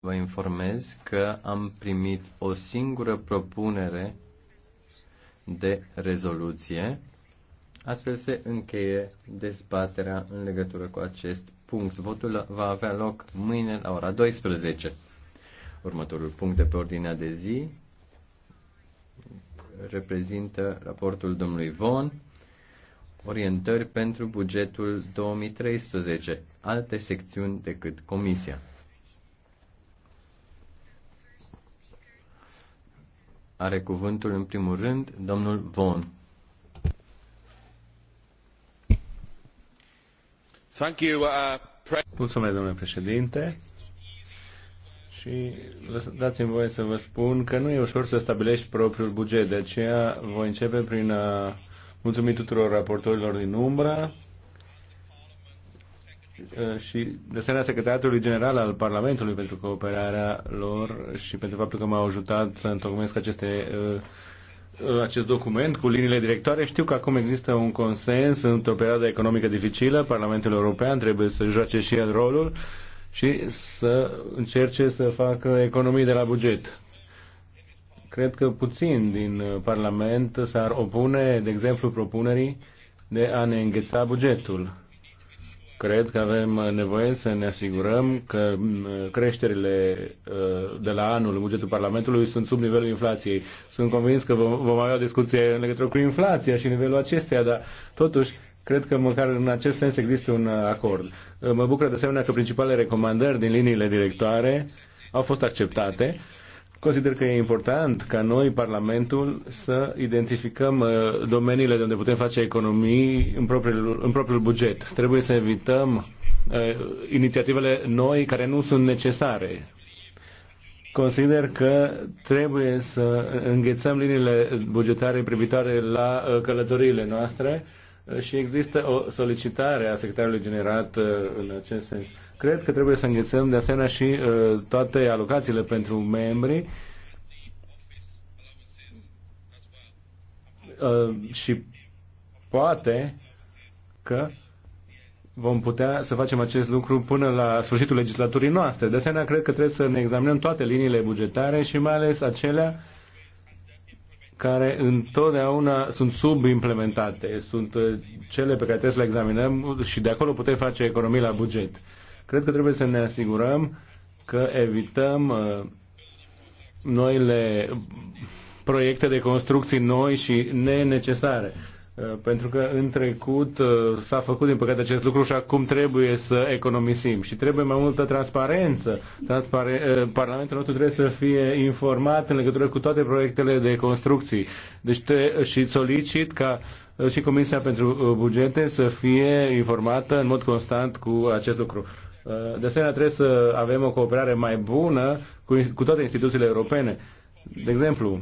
Vă informez că am primit o singură propunere de rezoluție. Astfel se încheie dezbaterea în legătură cu acest punct. Votul va avea loc mâine la ora 12. Următorul punct de pe ordinea de zi reprezintă raportul domnului Von, orientări pentru bugetul 2013, alte secțiuni decât Comisia. Are cuvântul în primul rând domnul Vaughan. Uh, Mulțumesc, domnule președinte. Și dați-mi voie să vă spun că nu e ușor să stabilești propriul buget, de aceea voi începe prin a mulțumi tuturor raportorilor din umbră Uh, și de asemenea Secretariatului General al Parlamentului pentru cooperarea lor și pentru faptul că m-au ajutat să întocmesc aceste, uh, uh, acest document cu liniile directoare. Știu că acum există un consens într-o perioadă economică dificilă. Parlamentul European trebuie să joace și el rolul și să încerce să facă economii de la buget. Cred că puțin din Parlament s-ar opune, de exemplu, propunerii de a ne îngheța bugetul Cred că avem nevoie să ne asigurăm că creșterile uh, de la anul în bugetul Parlamentului sunt sub nivelul inflației. Sunt convins că vom, avea o discuție în legătură cu inflația și nivelul acesteia, dar totuși cred că măcar în acest sens există un uh, acord. Uh, mă bucur de asemenea că principalele recomandări din liniile directoare au fost acceptate Consider că e important ca noi, Parlamentul, să identificăm uh, domeniile de unde putem face economii în propriul, în propriul buget. Trebuie să evităm uh, inițiativele noi care nu sunt necesare. Consider că trebuie să înghețăm liniile bugetare privitoare la uh, călătoriile noastre și există o solicitare a secretarului generat uh, în acest sens. Cred că trebuie să înghețăm de asemenea și uh, toate alocațiile pentru membri uh, și poate că vom putea să facem acest lucru până la sfârșitul legislaturii noastre. De asemenea, cred că trebuie să ne examinăm toate liniile bugetare și mai ales acelea care întotdeauna sunt subimplementate, sunt uh, cele pe care trebuie să le examinăm și de acolo putem face economii la buget. Cred că trebuie să ne asigurăm că evităm uh, noile proiecte de construcții noi și nenecesare. Uh, pentru că în trecut uh, s-a făcut din păcate acest lucru și acum trebuie să economisim și trebuie mai multă transparență. Transpare- uh, Parlamentul nostru trebuie să fie informat în legătură cu toate proiectele de construcții. Deci te, și solicit ca și Comisia pentru Bugete să fie informată în mod constant cu acest lucru. De asemenea, trebuie să avem o cooperare mai bună cu, cu toate instituțiile europene. De exemplu,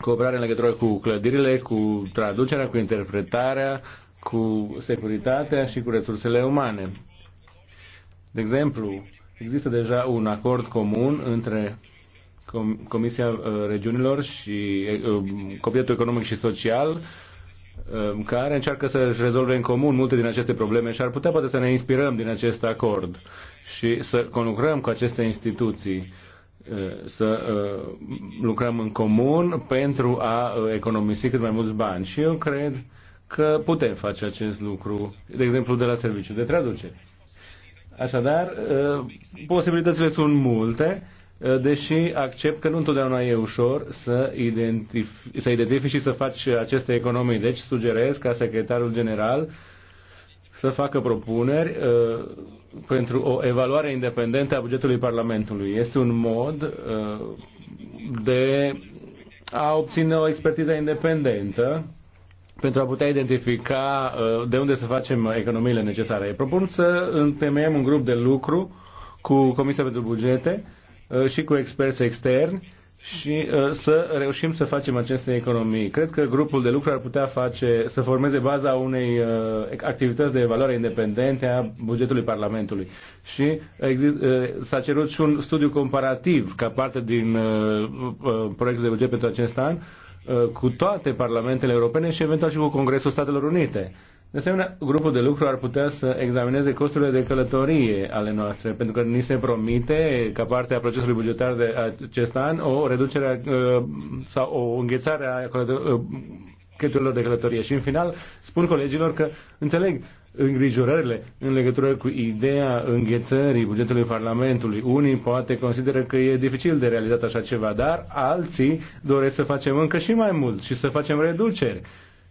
cooperare în legătură cu clădirile, cu traducerea, cu interpretarea, cu securitatea și cu resursele umane. De exemplu, există deja un acord comun între Comisia uh, Regiunilor și uh, um, Comitetul Economic și Social um, care încearcă să-și rezolve în comun multe din aceste probleme și ar putea poate să ne inspirăm din acest acord și să conlucrăm cu aceste instituții Eh, să eh, lucrăm în comun pentru a eh, economisi cât mai mulți bani. Și eu cred că putem face acest lucru, de exemplu, de la serviciul de traducere. Așadar, posibilitățile sunt multe, deși accept că nu întotdeauna e ușor să, identifi, să identifici și să faci aceste economii. Deci sugerez ca secretarul general să facă propuneri pentru o evaluare independentă a bugetului Parlamentului. Este un mod uh, de a obține o expertiză independentă pentru a putea identifica uh, de unde să facem economiile necesare. Propun să întemeiem un grup de lucru cu Comisia pentru Bugete uh, și cu experți externi și uh, să reușim să facem aceste economii. Cred că grupul de lucru ar putea face, să formeze baza unei uh, activități de evaluare independente a bugetului Parlamentului. Și exist, uh, s-a cerut și un studiu comparativ ca parte din uh, uh, proiectul de buget pentru acest an uh, cu toate parlamentele europene și eventual și cu Congresul Statelor Unite. Uh, de asemenea, grupul de lucru ar putea să examineze costurile de călătorie ale noastre, pentru că ni se promite, ca parte a procesului bugetar de acest an, o reducere ă, sau o înghețare a ă, cheltuielor de călătorie. Și în final spun colegilor că înțeleg îngrijorările în legătură cu ideea înghețării bugetului Parlamentului. Unii poate consideră că e dificil de realizat așa ceva, dar alții doresc să facem încă și mai mult și să facem reduceri.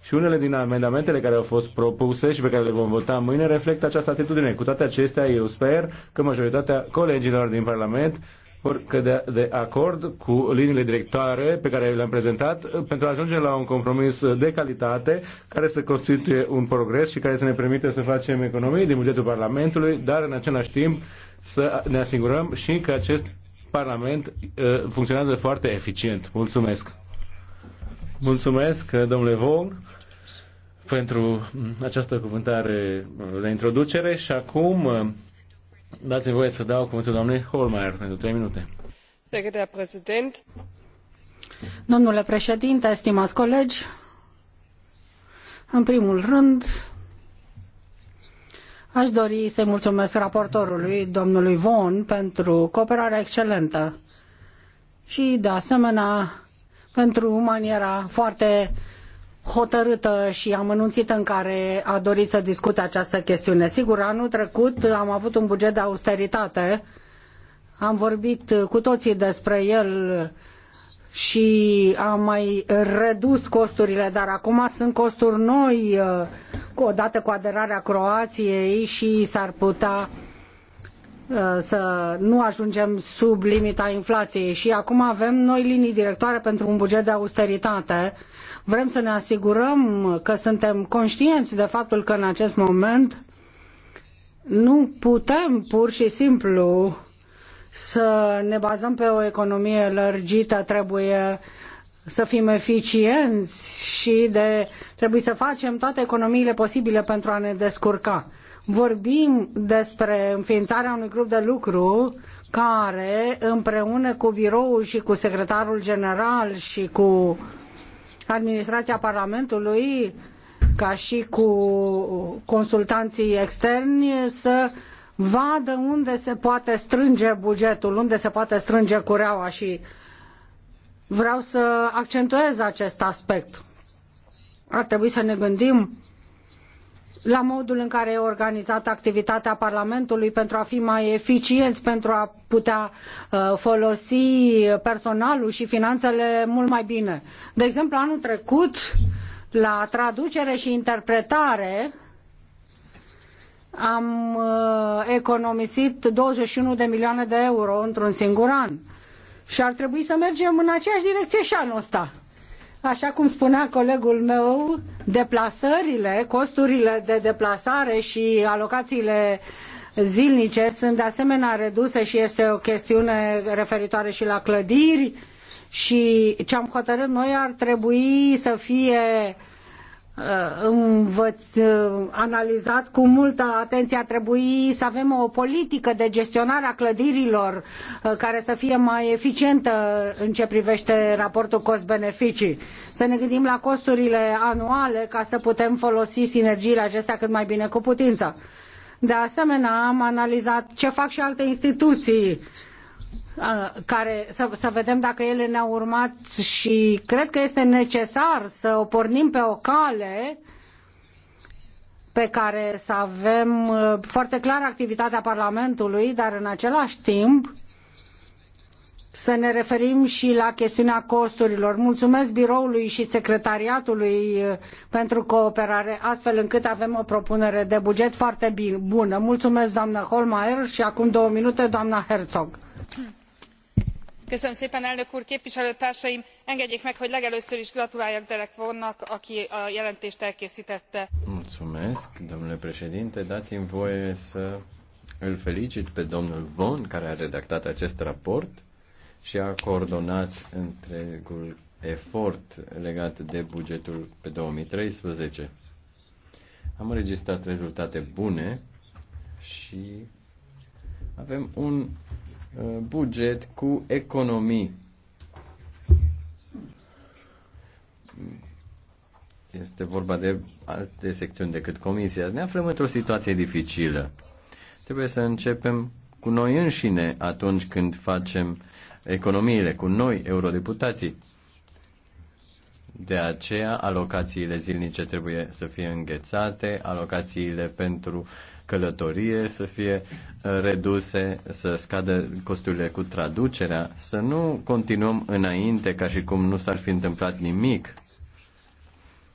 Și unele din amendamentele care au fost propuse și pe care le vom vota mâine reflectă această atitudine. Cu toate acestea, eu sper că majoritatea colegilor din Parlament vor cădea de acord cu liniile directoare pe care le-am prezentat pentru a ajunge la un compromis de calitate care să constituie un progres și care să ne permite să facem economii din bugetul Parlamentului, dar în același timp să ne asigurăm și că acest Parlament uh, funcționează foarte eficient. Mulțumesc! Mulțumesc, domnule Vong, pentru această cuvântare de introducere și acum uh, dați voie să dau cuvântul doamnei Holmeier pentru 3 minute. Domnule președinte, stimați colegi, în primul rând, Aș dori să-i mulțumesc raportorului, domnului Von, pentru cooperarea excelentă și, de asemenea, pentru maniera foarte hotărâtă și amănunțită în care a dorit să discute această chestiune. Sigur, anul trecut am avut un buget de austeritate, am vorbit cu toții despre el și am mai redus costurile, dar acum sunt costuri noi, uh, odată cu aderarea Croației și s-ar putea Uh, să nu ajungem sub limita inflației și acum avem noi linii directoare pentru un buget de austeritate. Vrem să ne asigurăm că suntem conștienți de faptul că în acest moment nu putem pur și simplu să ne bazăm pe o economie lărgită, trebuie să fim eficienți și de, trebuie să facem toate economiile posibile pentru a ne descurca vorbim despre înființarea unui grup de lucru care împreună cu biroul și cu secretarul general și cu administrația Parlamentului ca și cu consultanții externi să vadă unde se poate strânge bugetul, unde se poate strânge cureaua și vreau să accentuez acest aspect. Ar trebui să ne gândim la modul în care e organizată activitatea Parlamentului pentru a fi mai eficienți, pentru a putea uh, folosi personalul și finanțele mult mai bine. De exemplu, anul trecut, la traducere și interpretare, am uh, economisit 21 de milioane de euro într-un singur an. Și ar trebui să mergem în aceeași direcție și anul ăsta. Așa cum spunea colegul meu, deplasările, costurile de deplasare și alocațiile zilnice sunt de asemenea reduse și este o chestiune referitoare și la clădiri și ce am hotărât noi ar trebui să fie uh, Uh, învăț, uh, analizat cu multă atenție. Ar trebui să avem o politică de gestionare a clădirilor uh, care să fie mai eficientă în ce privește raportul cost-beneficii. Să ne gândim la costurile anuale ca să putem folosi sinergiile acestea cât mai bine cu putință. De asemenea, am analizat ce fac și alte instituții care, să, să vedem dacă ele ne-au urmat și cred că este necesar să o pornim pe o cale pe care să avem uh, foarte clar activitatea Parlamentului, dar în același timp să ne referim și la chestiunea costurilor. Mulțumesc biroului și secretariatului uh, pentru cooperare, astfel încât avem o propunere de buget foarte bună. Mulțumesc, doamnă Holmaier și acum două minute, doamna Herzog képviselőtársaim engedjék meg hogy legelőször is gratuláljak derek vaughannak aki a jelentést elkésztette. domnule președinte dați mi voie să îl felicit pe domnul vaughan care a redactat acest raport și a coordonat întregul efort legat de bugetul pe 2013. Am înregistrat rezultate bune și avem un Uh, buget cu economii. Este vorba de alte secțiuni decât comisia. Ne aflăm într-o situație dificilă. Trebuie să începem cu noi înșine atunci când facem economiile, cu noi, eurodeputații. De aceea, alocațiile zilnice trebuie să fie înghețate, alocațiile pentru călătorie să fie reduse, să scadă costurile cu traducerea, să nu continuăm înainte ca și cum nu s-ar fi întâmplat nimic,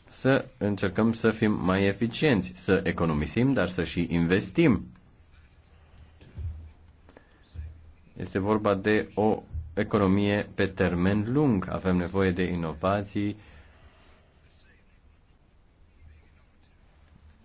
să încercăm să fim mai eficienți, să economisim, dar să și investim. Este vorba de o economie pe termen lung. Avem nevoie de inovații,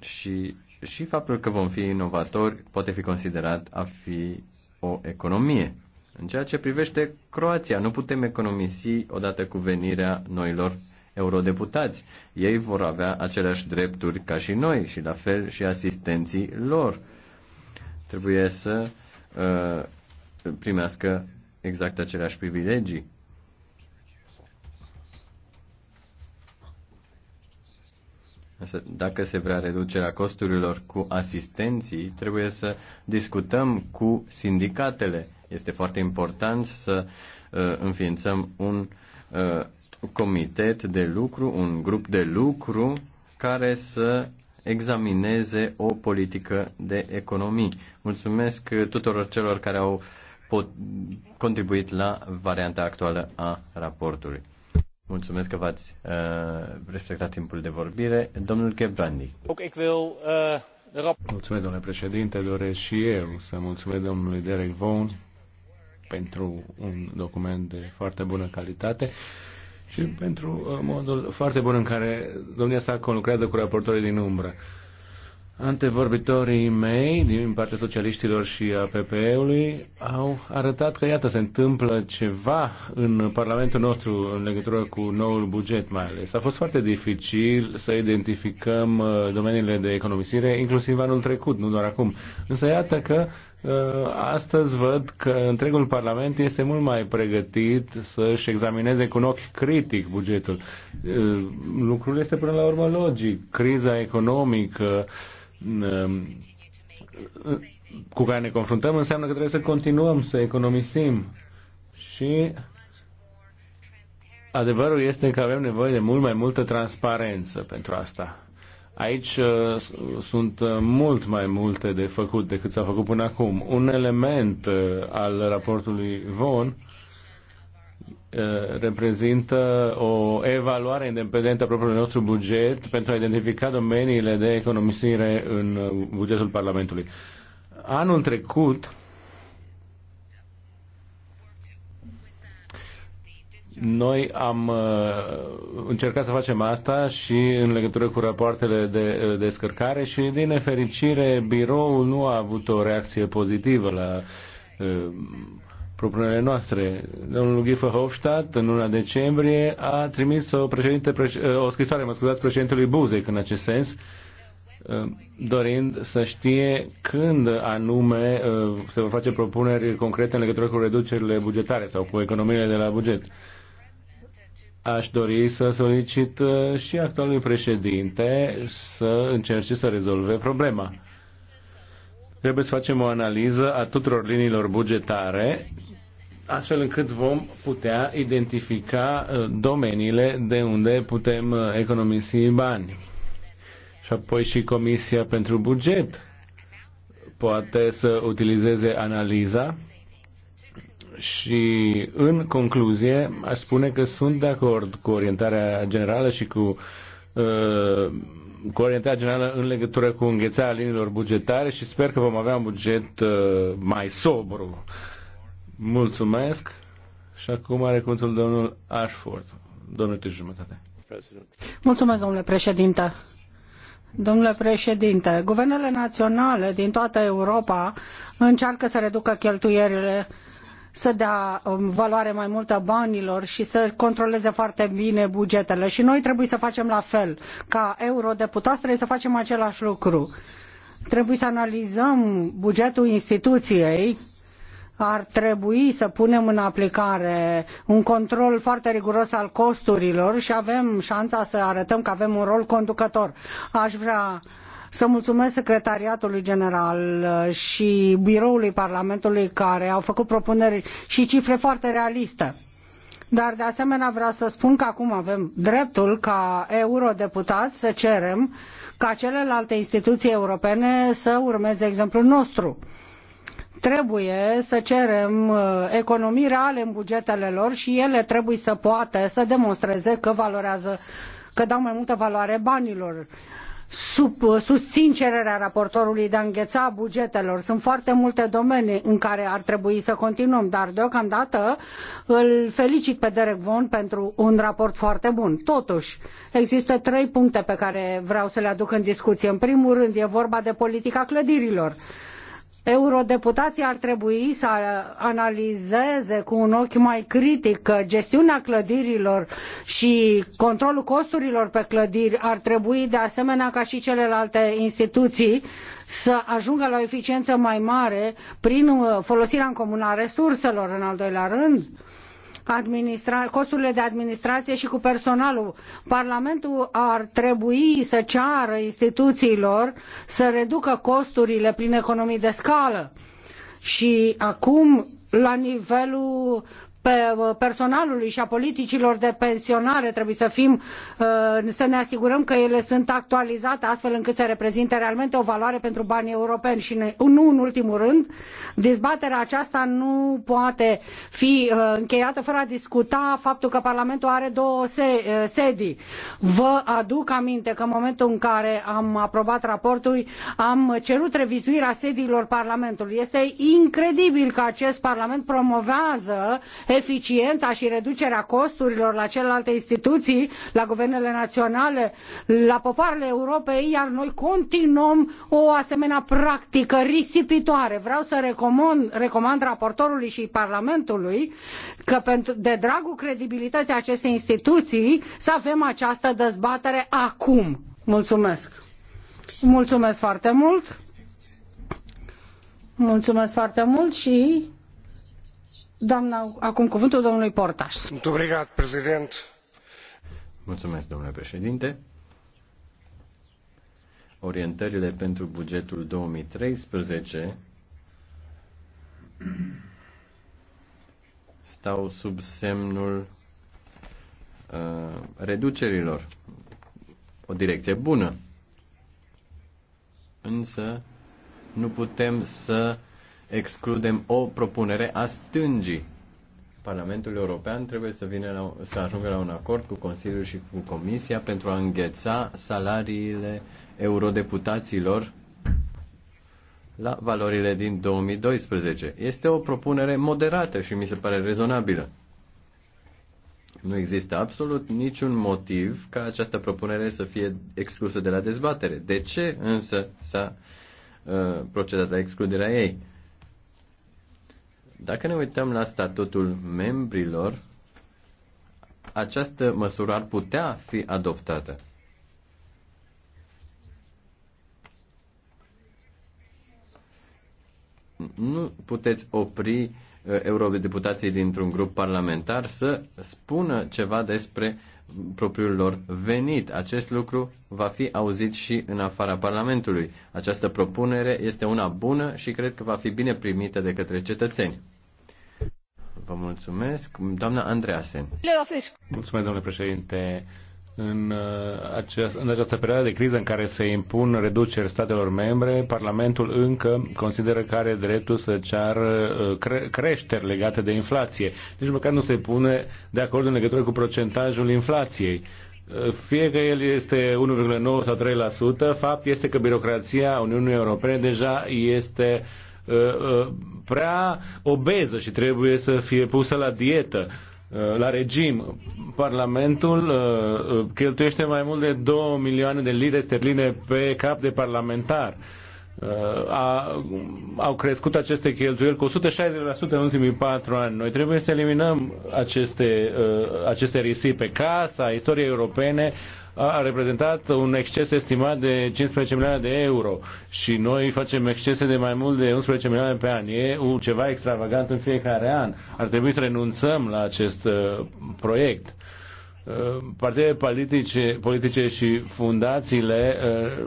și, și faptul că vom fi inovatori poate fi considerat a fi o economie. În ceea ce privește Croația, nu putem economisi odată cu venirea noilor eurodeputați. Ei vor avea aceleași drepturi ca și noi și la fel și asistenții lor. Trebuie să uh, primească exact aceleași privilegii. Dacă se vrea reducerea costurilor cu asistenții, trebuie să discutăm cu sindicatele. Este foarte important să uh, înființăm un uh, comitet de lucru, un grup de lucru care să examineze o politică de economii. Mulțumesc tuturor celor care au pot, contribuit la varianta actuală a raportului. Mulțumesc că v-ați uh, respectat timpul de vorbire. Domnul Kevrandi. Uh, mulțumesc, domnule președinte. Doresc și eu să mulțumesc domnului Derek Vaughan pentru un document de foarte bună calitate și pentru uh, modul foarte bun în care domnia sa conlucrează cu raportorii din umbră. Antevorbitorii mei din partea socialiștilor și a PPE-ului au arătat că, iată, se întâmplă ceva în Parlamentul nostru în legătură cu noul buget mai ales. A fost foarte dificil să identificăm uh, domeniile de economisire, inclusiv anul trecut, nu doar acum. Însă iată că uh, astăzi văd că întregul Parlament este mult mai pregătit să-și examineze cu un ochi critic bugetul. Uh, lucrul este până la urmă logic. Criza economică, Um, cu care ne confruntăm înseamnă că trebuie să continuăm să economisim și adevărul este că avem nevoie de mult mai multă transparență pentru asta. Aici uh, sunt uh, mult mai multe de făcut decât s-a făcut până acum. Un element uh, al raportului Von Uh, reprezintă o evaluare independentă a propriului nostru buget pentru a identifica domeniile de economisire în uh, bugetul Parlamentului. Anul trecut, Noi am uh, încercat să facem asta și în legătură cu rapoartele de uh, descărcare și, din nefericire, biroul nu a avut o reacție pozitivă la uh, propunerile noastre. Domnul Guy Hofstadt, în luna decembrie, a trimis o, președinte, o scrisoare, mă scuzați, președintelui Buzek în acest sens, uh, dorind să știe când anume uh, se vor face propuneri concrete în legătură cu reducerile bugetare sau cu economiile de la buget. Aș dori să solicit uh, și actualului președinte să încerce să rezolve problema trebuie să facem o analiză a tuturor liniilor bugetare, astfel încât vom putea identifica uh, domeniile de unde putem uh, economisi bani. Și apoi și Comisia pentru Buget poate să utilizeze analiza și în concluzie aș spune că sunt de acord cu orientarea generală și cu uh, cu orientarea generală în legătură cu înghețarea liniilor bugetare și sper că vom avea un buget uh, mai sobru. Mulțumesc. Și acum are cuvântul domnul Ashford. Domnul de jumătate. Mulțumesc, domnule președinte. Domnule președinte, guvernele naționale din toată Europa încearcă să reducă cheltuierile să dea um, valoare mai multă banilor și să controleze foarte bine bugetele. Și noi trebuie să facem la fel. Ca eurodeputați trebuie să facem același lucru. Trebuie să analizăm bugetul instituției, ar trebui să punem în aplicare un control foarte riguros al costurilor și avem șansa să arătăm că avem un rol conducător. Aș vrea să mulțumesc secretariatului general uh, și biroului Parlamentului care au făcut propuneri și cifre foarte realiste. Dar de asemenea vreau să spun că acum avem dreptul ca eurodeputați să cerem ca celelalte instituții europene să urmeze exemplul nostru trebuie să cerem uh, economii reale în bugetele lor și ele trebuie să poată să demonstreze că valorează că dau mai multă valoare banilor sub, susțin cererea raportorului de a îngheța bugetelor. Sunt foarte multe domenii în care ar trebui să continuăm, dar deocamdată îl felicit pe Derek Von pentru un raport foarte bun. Totuși, există trei puncte pe care vreau să le aduc în discuție. În primul rând, e vorba de politica clădirilor eurodeputații ar trebui să analizeze cu un ochi mai critic gestiunea clădirilor și controlul costurilor pe clădiri ar trebui de asemenea ca și celelalte instituții să ajungă la o eficiență mai mare prin folosirea în comun a resurselor în al doilea rând costurile de administrație și cu personalul. Parlamentul ar trebui să ceară instituțiilor să reducă costurile prin economii de scală. Și acum la nivelul Uh, personalului și a politicilor de pensionare trebuie să fim, uh, să ne asigurăm că ele sunt actualizate astfel încât să reprezinte realmente o valoare pentru banii europeni și ne, nu în ultimul rând, dezbaterea aceasta nu poate fi uh, încheiată fără a discuta faptul că Parlamentul are două sedii. Vă aduc aminte că în momentul în care am aprobat raportul am cerut revizuirea sediilor Parlamentului. Este incredibil că acest Parlament promovează eficiența și reducerea costurilor la celelalte instituții, la guvernele naționale, la popoarele Europei, iar noi continuăm o asemenea practică risipitoare. Vreau să recomand, recomand raportorului și Parlamentului că pentru, de dragul credibilității acestei instituții să avem această dezbatere acum. Mulțumesc! Mulțumesc foarte mult! Mulțumesc foarte mult și acum domnule președinte. Orientările pentru bugetul 2013 stau sub semnul uh, reducerilor. O direcție bună. Însă nu putem să excludem o propunere a stângii. Parlamentul European trebuie să, vină la, să ajungă la un acord cu Consiliul și cu Comisia pentru a îngheța salariile eurodeputaților la valorile din 2012. Este o propunere moderată și mi se pare rezonabilă. Nu există absolut niciun motiv ca această propunere să fie exclusă de la dezbatere. De ce însă s-a uh, procedat la excluderea ei? Dacă ne uităm la statutul membrilor, această măsură ar putea fi adoptată. Nu puteți opri eh, eurodeputații dintr-un grup parlamentar să spună ceva despre propriul lor venit. Acest lucru va fi auzit și în afara Parlamentului. Această propunere este una bună și cred că va fi bine primită de către cetățeni. Vă mulțumesc. Doamna Andreasen. Mulțumesc, domnule președinte în, uh, aceast, în această perioadă de criză în care se impun reduceri statelor membre, Parlamentul încă consideră că are dreptul să ceară uh, cre, creșteri legate de inflație. Nici măcar nu se pune de acord în legătură cu procentajul inflației. Uh, fie că el este 1,9 sau 3%, fapt este că birocrația Uniunii Europene deja este prea obeză și trebuie să fie pusă la dietă Uh, la regim. Parlamentul uh, uh, cheltuiește mai mult de 2 milioane de lire sterline pe cap de parlamentar. A, au crescut aceste cheltuieli cu 160% în ultimii patru ani. Noi trebuie să eliminăm aceste, aceste risipe. Casa istoria europene a reprezentat un exces estimat de 15 milioane de euro și noi facem excese de mai mult de 11 milioane pe an. E ceva extravagant în fiecare an. Ar trebui să renunțăm la acest uh, proiect uh, partidele politice, politice și fundațiile uh,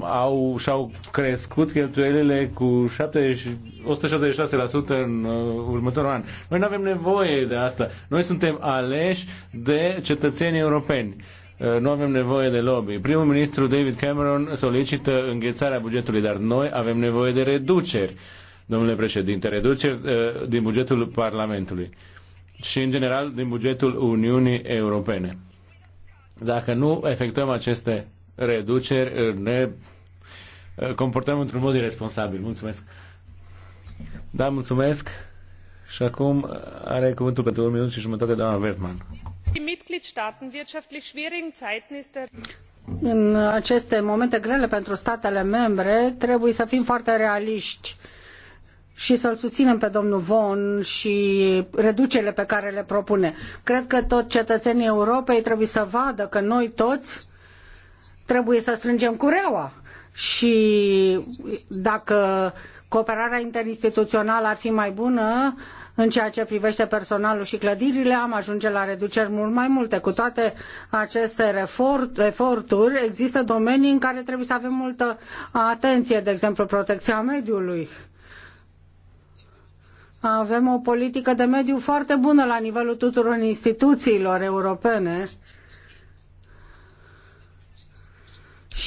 au, și-au crescut cheltuielile cu 70, 176% în uh, următorul an. Noi nu avem nevoie de asta. Noi suntem aleși de cetățenii europeni. Eh, nu avem nevoie de lobby. Primul ministru David Cameron solicită înghețarea bugetului, dar noi avem nevoie de reduceri, domnule președinte, reduceri eh, din bugetul Parlamentului și, în general, din bugetul Uniunii Europene. Dacă nu efectuăm aceste reduceri, eh, ne comportăm într-un mod irresponsabil. Mulțumesc! Da, mulțumesc! Și acum are cuvântul pentru un minut și jumătate doamna Vertman. În aceste momente grele pentru statele membre, trebuie să fim foarte realiști și să-l susținem pe domnul Von și reducerile pe care le propune. Cred că tot cetățenii Europei trebuie să vadă că noi toți trebuie să strângem cureaua și dacă cooperarea interinstituțională ar fi mai bună, în ceea ce privește personalul și clădirile, am ajunge la reduceri mult mai multe. Cu toate aceste eforturi, există domenii în care trebuie să avem multă atenție, de exemplu protecția mediului. Avem o politică de mediu foarte bună la nivelul tuturor instituțiilor europene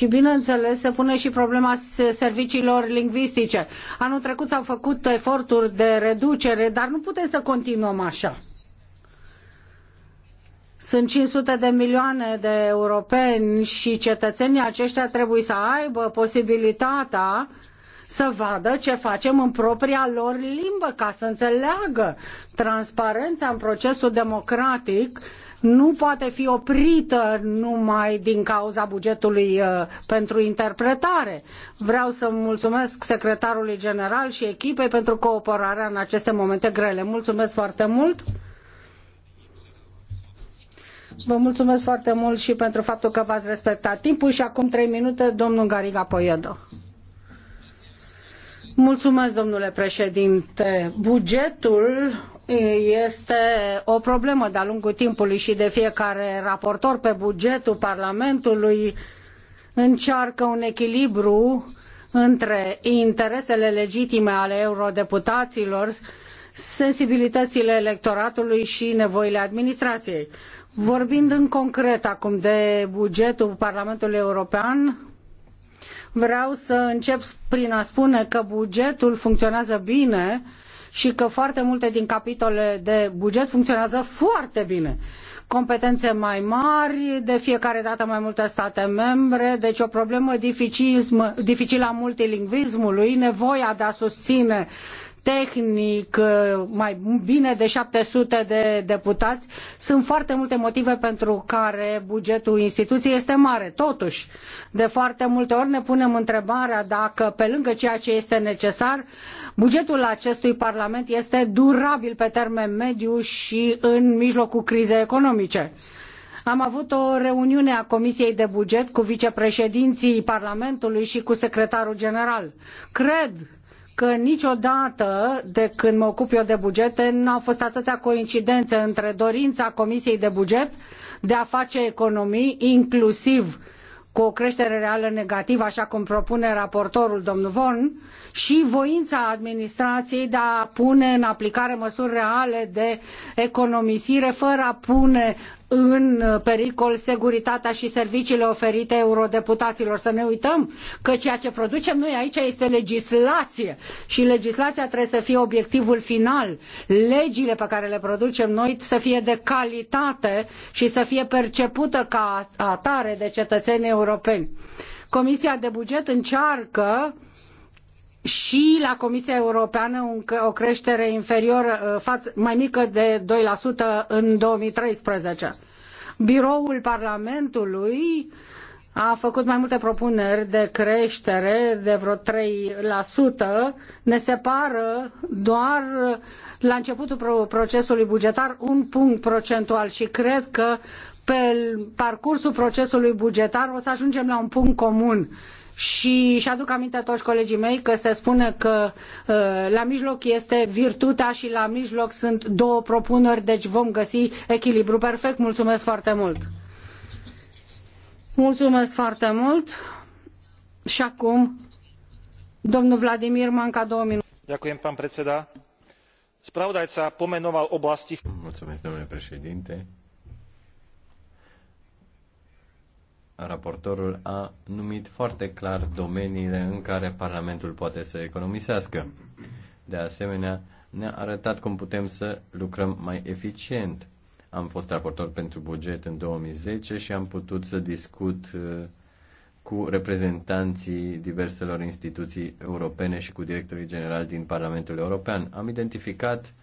și bineînțeles se pune și problema serviciilor lingvistice. Anul trecut s-au făcut eforturi de reducere, dar nu putem să continuăm așa. Sunt 500 de milioane de europeni și cetățenii aceștia trebuie să aibă posibilitatea uh, să vadă ce facem în propria lor limbă, ca să înțeleagă. Transparența în procesul democratic nu poate fi oprită numai din cauza bugetului uh, pentru interpretare. Vreau să mulțumesc secretarului general și echipei pentru cooperarea în aceste momente grele. Mulțumesc foarte mult! Vă mulțumesc foarte mult și pentru faptul că v-ați respectat timpul și acum trei minute, domnul Gariga Poiedo. Mulțumesc, domnule președinte. Bugetul este o problemă de-a lungul timpului și de fiecare raportor pe bugetul Parlamentului încearcă un echilibru între interesele legitime ale eurodeputaților, sensibilitățile electoratului și nevoile administrației. Vorbind în concret acum de bugetul Parlamentului European, Vreau să încep prin a spune că bugetul funcționează bine și că foarte multe din capitolele de buget funcționează foarte bine. Competențe mai mari, de fiecare dată mai multe state membre, deci o problemă dificilă a multilingvismului, nevoia de a susține tehnic uh, mai bine de 700 de deputați. Sunt foarte multe motive pentru care bugetul instituției este mare. Totuși, de foarte multe ori ne punem întrebarea dacă, pe lângă ceea ce este necesar, bugetul acestui Parlament este durabil pe termen mediu și în mijlocul crizei economice. Am avut o reuniune a Comisiei de Buget cu vicepreședinții Parlamentului și cu secretarul general. Cred că niciodată de când mă ocup eu de bugete nu au fost atâtea coincidențe între dorința Comisiei de Buget de a face economii, inclusiv cu o creștere reală negativă, așa cum propune raportorul domnul Von, și voința administrației de a pune în aplicare măsuri reale de economisire, fără a pune în uh, pericol securitatea și serviciile oferite eurodeputaților. Să ne uităm că ceea ce producem noi aici este legislație și legislația trebuie să fie obiectivul final. Legile pe care le producem noi să fie de calitate și să fie percepută ca atare de cetățenii europeni. Comisia de buget încearcă uh, și la Comisia Europeană o creștere inferioră uh, mai mică de 2% în 2013. Biroul Parlamentului a făcut mai multe propuneri de creștere de vreo 3%, ne separă doar uh, la începutul procesului bugetar un punct procentual și cred că pe parcursul procesului bugetar o să ajungem la un punct comun și și aduc aminte toți colegii mei că se spune că uh, la mijloc este virtutea și la mijloc sunt două propuneri, deci vom găsi echilibru perfect. Mulțumesc foarte mult! Mulțumesc foarte mult! Și acum, domnul Vladimir Manca, două minute. Ďakujem, pán predseda. Spravodajca pomenoval oblasti... Mulțumesc, domnule președinte raportorul a numit foarte clar domeniile în care Parlamentul poate să economisească. De asemenea, ne-a arătat cum putem să lucrăm mai eficient. Am fost raportor pentru buget în 2010 și am putut să discut uh, cu reprezentanții diverselor instituții europene și cu directorii generali din Parlamentul European. Am identificat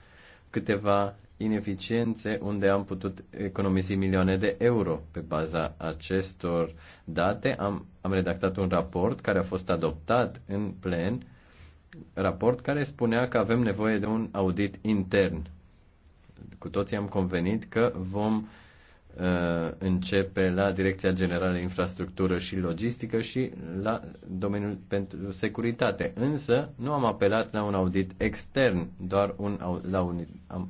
câteva ineficiențe unde am putut economisi milioane de euro. Pe baza acestor date am, am redactat un raport care a fost adoptat în plen, raport care spunea că avem nevoie de un audit intern. Cu toții am convenit că vom uh, începe la Direcția Generală Infrastructură și Logistică și la domeniul pentru securitate. Însă nu am apelat la un audit extern, doar un, la un, am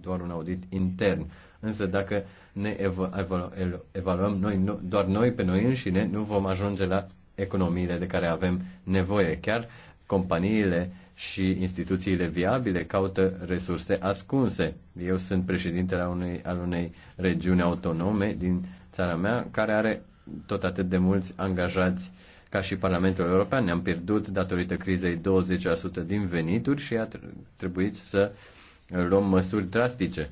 doar un audit intern. Însă dacă ne evaluăm noi, doar noi pe noi înșine, nu vom ajunge la economiile de care avem nevoie. Chiar companiile și instituțiile viabile caută resurse ascunse. Eu sunt președintele unei, al unei regiuni autonome din țara mea care are tot atât de mulți angajați ca și Parlamentul European. Ne-am pierdut datorită crizei 20% din venituri și a trebuit să uh, luăm măsuri drastice.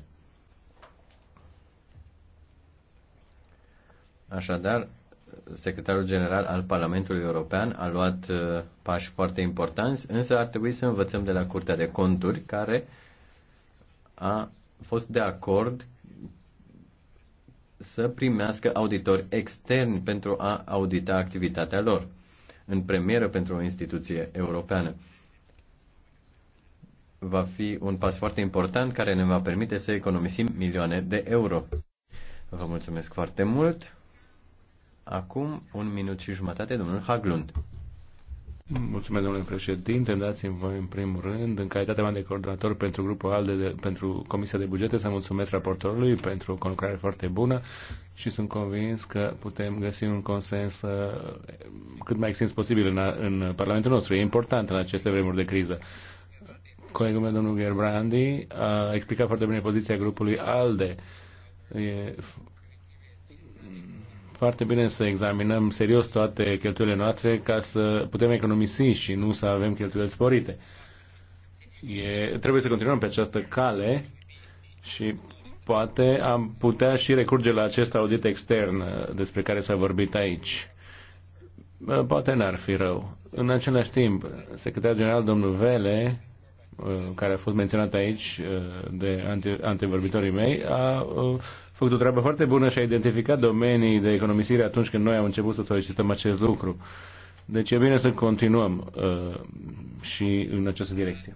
Așadar, secretarul general al Parlamentului European a luat uh, pași foarte importanți, însă ar trebui să învățăm de la Curtea de Conturi, care a fost de acord să primească auditori externi pentru a audita activitatea lor, în premieră pentru o instituție europeană va fi un pas foarte important care ne va permite să economisim milioane de euro. Vă mulțumesc foarte mult. Acum, un minut și jumătate, domnul Haglund. Mulțumesc, domnule președinte. Dați-mi voi, în primul rând, în calitatea mea de coordonator pentru grupul ALDE, de, pentru Comisia de Bugete, să mulțumesc raportorului pentru o lucrare foarte bună și sunt convins că putem găsi un consens uh, cât mai extins posibil în, în Parlamentul nostru. E important în aceste vremuri de criză. Colegul meu, domnul Gerbrandi, a explicat foarte bine poziția grupului ALDE. E foarte bine să examinăm serios toate cheltuielile noastre ca să putem economisi și nu să avem cheltuieli sporite. E, trebuie să continuăm pe această cale și poate am putea și recurge la acest audit extern uh, despre care s-a vorbit aici. Uh, poate n-ar fi rău. În același timp, secretar general domnul Vele Uh, care a fost menționat aici uh, de ante, antevorbitorii mei, a uh, făcut o treabă foarte bună și a identificat domenii de economisire atunci când noi am început să solicităm acest lucru. Deci e bine să continuăm uh, și în această direcție.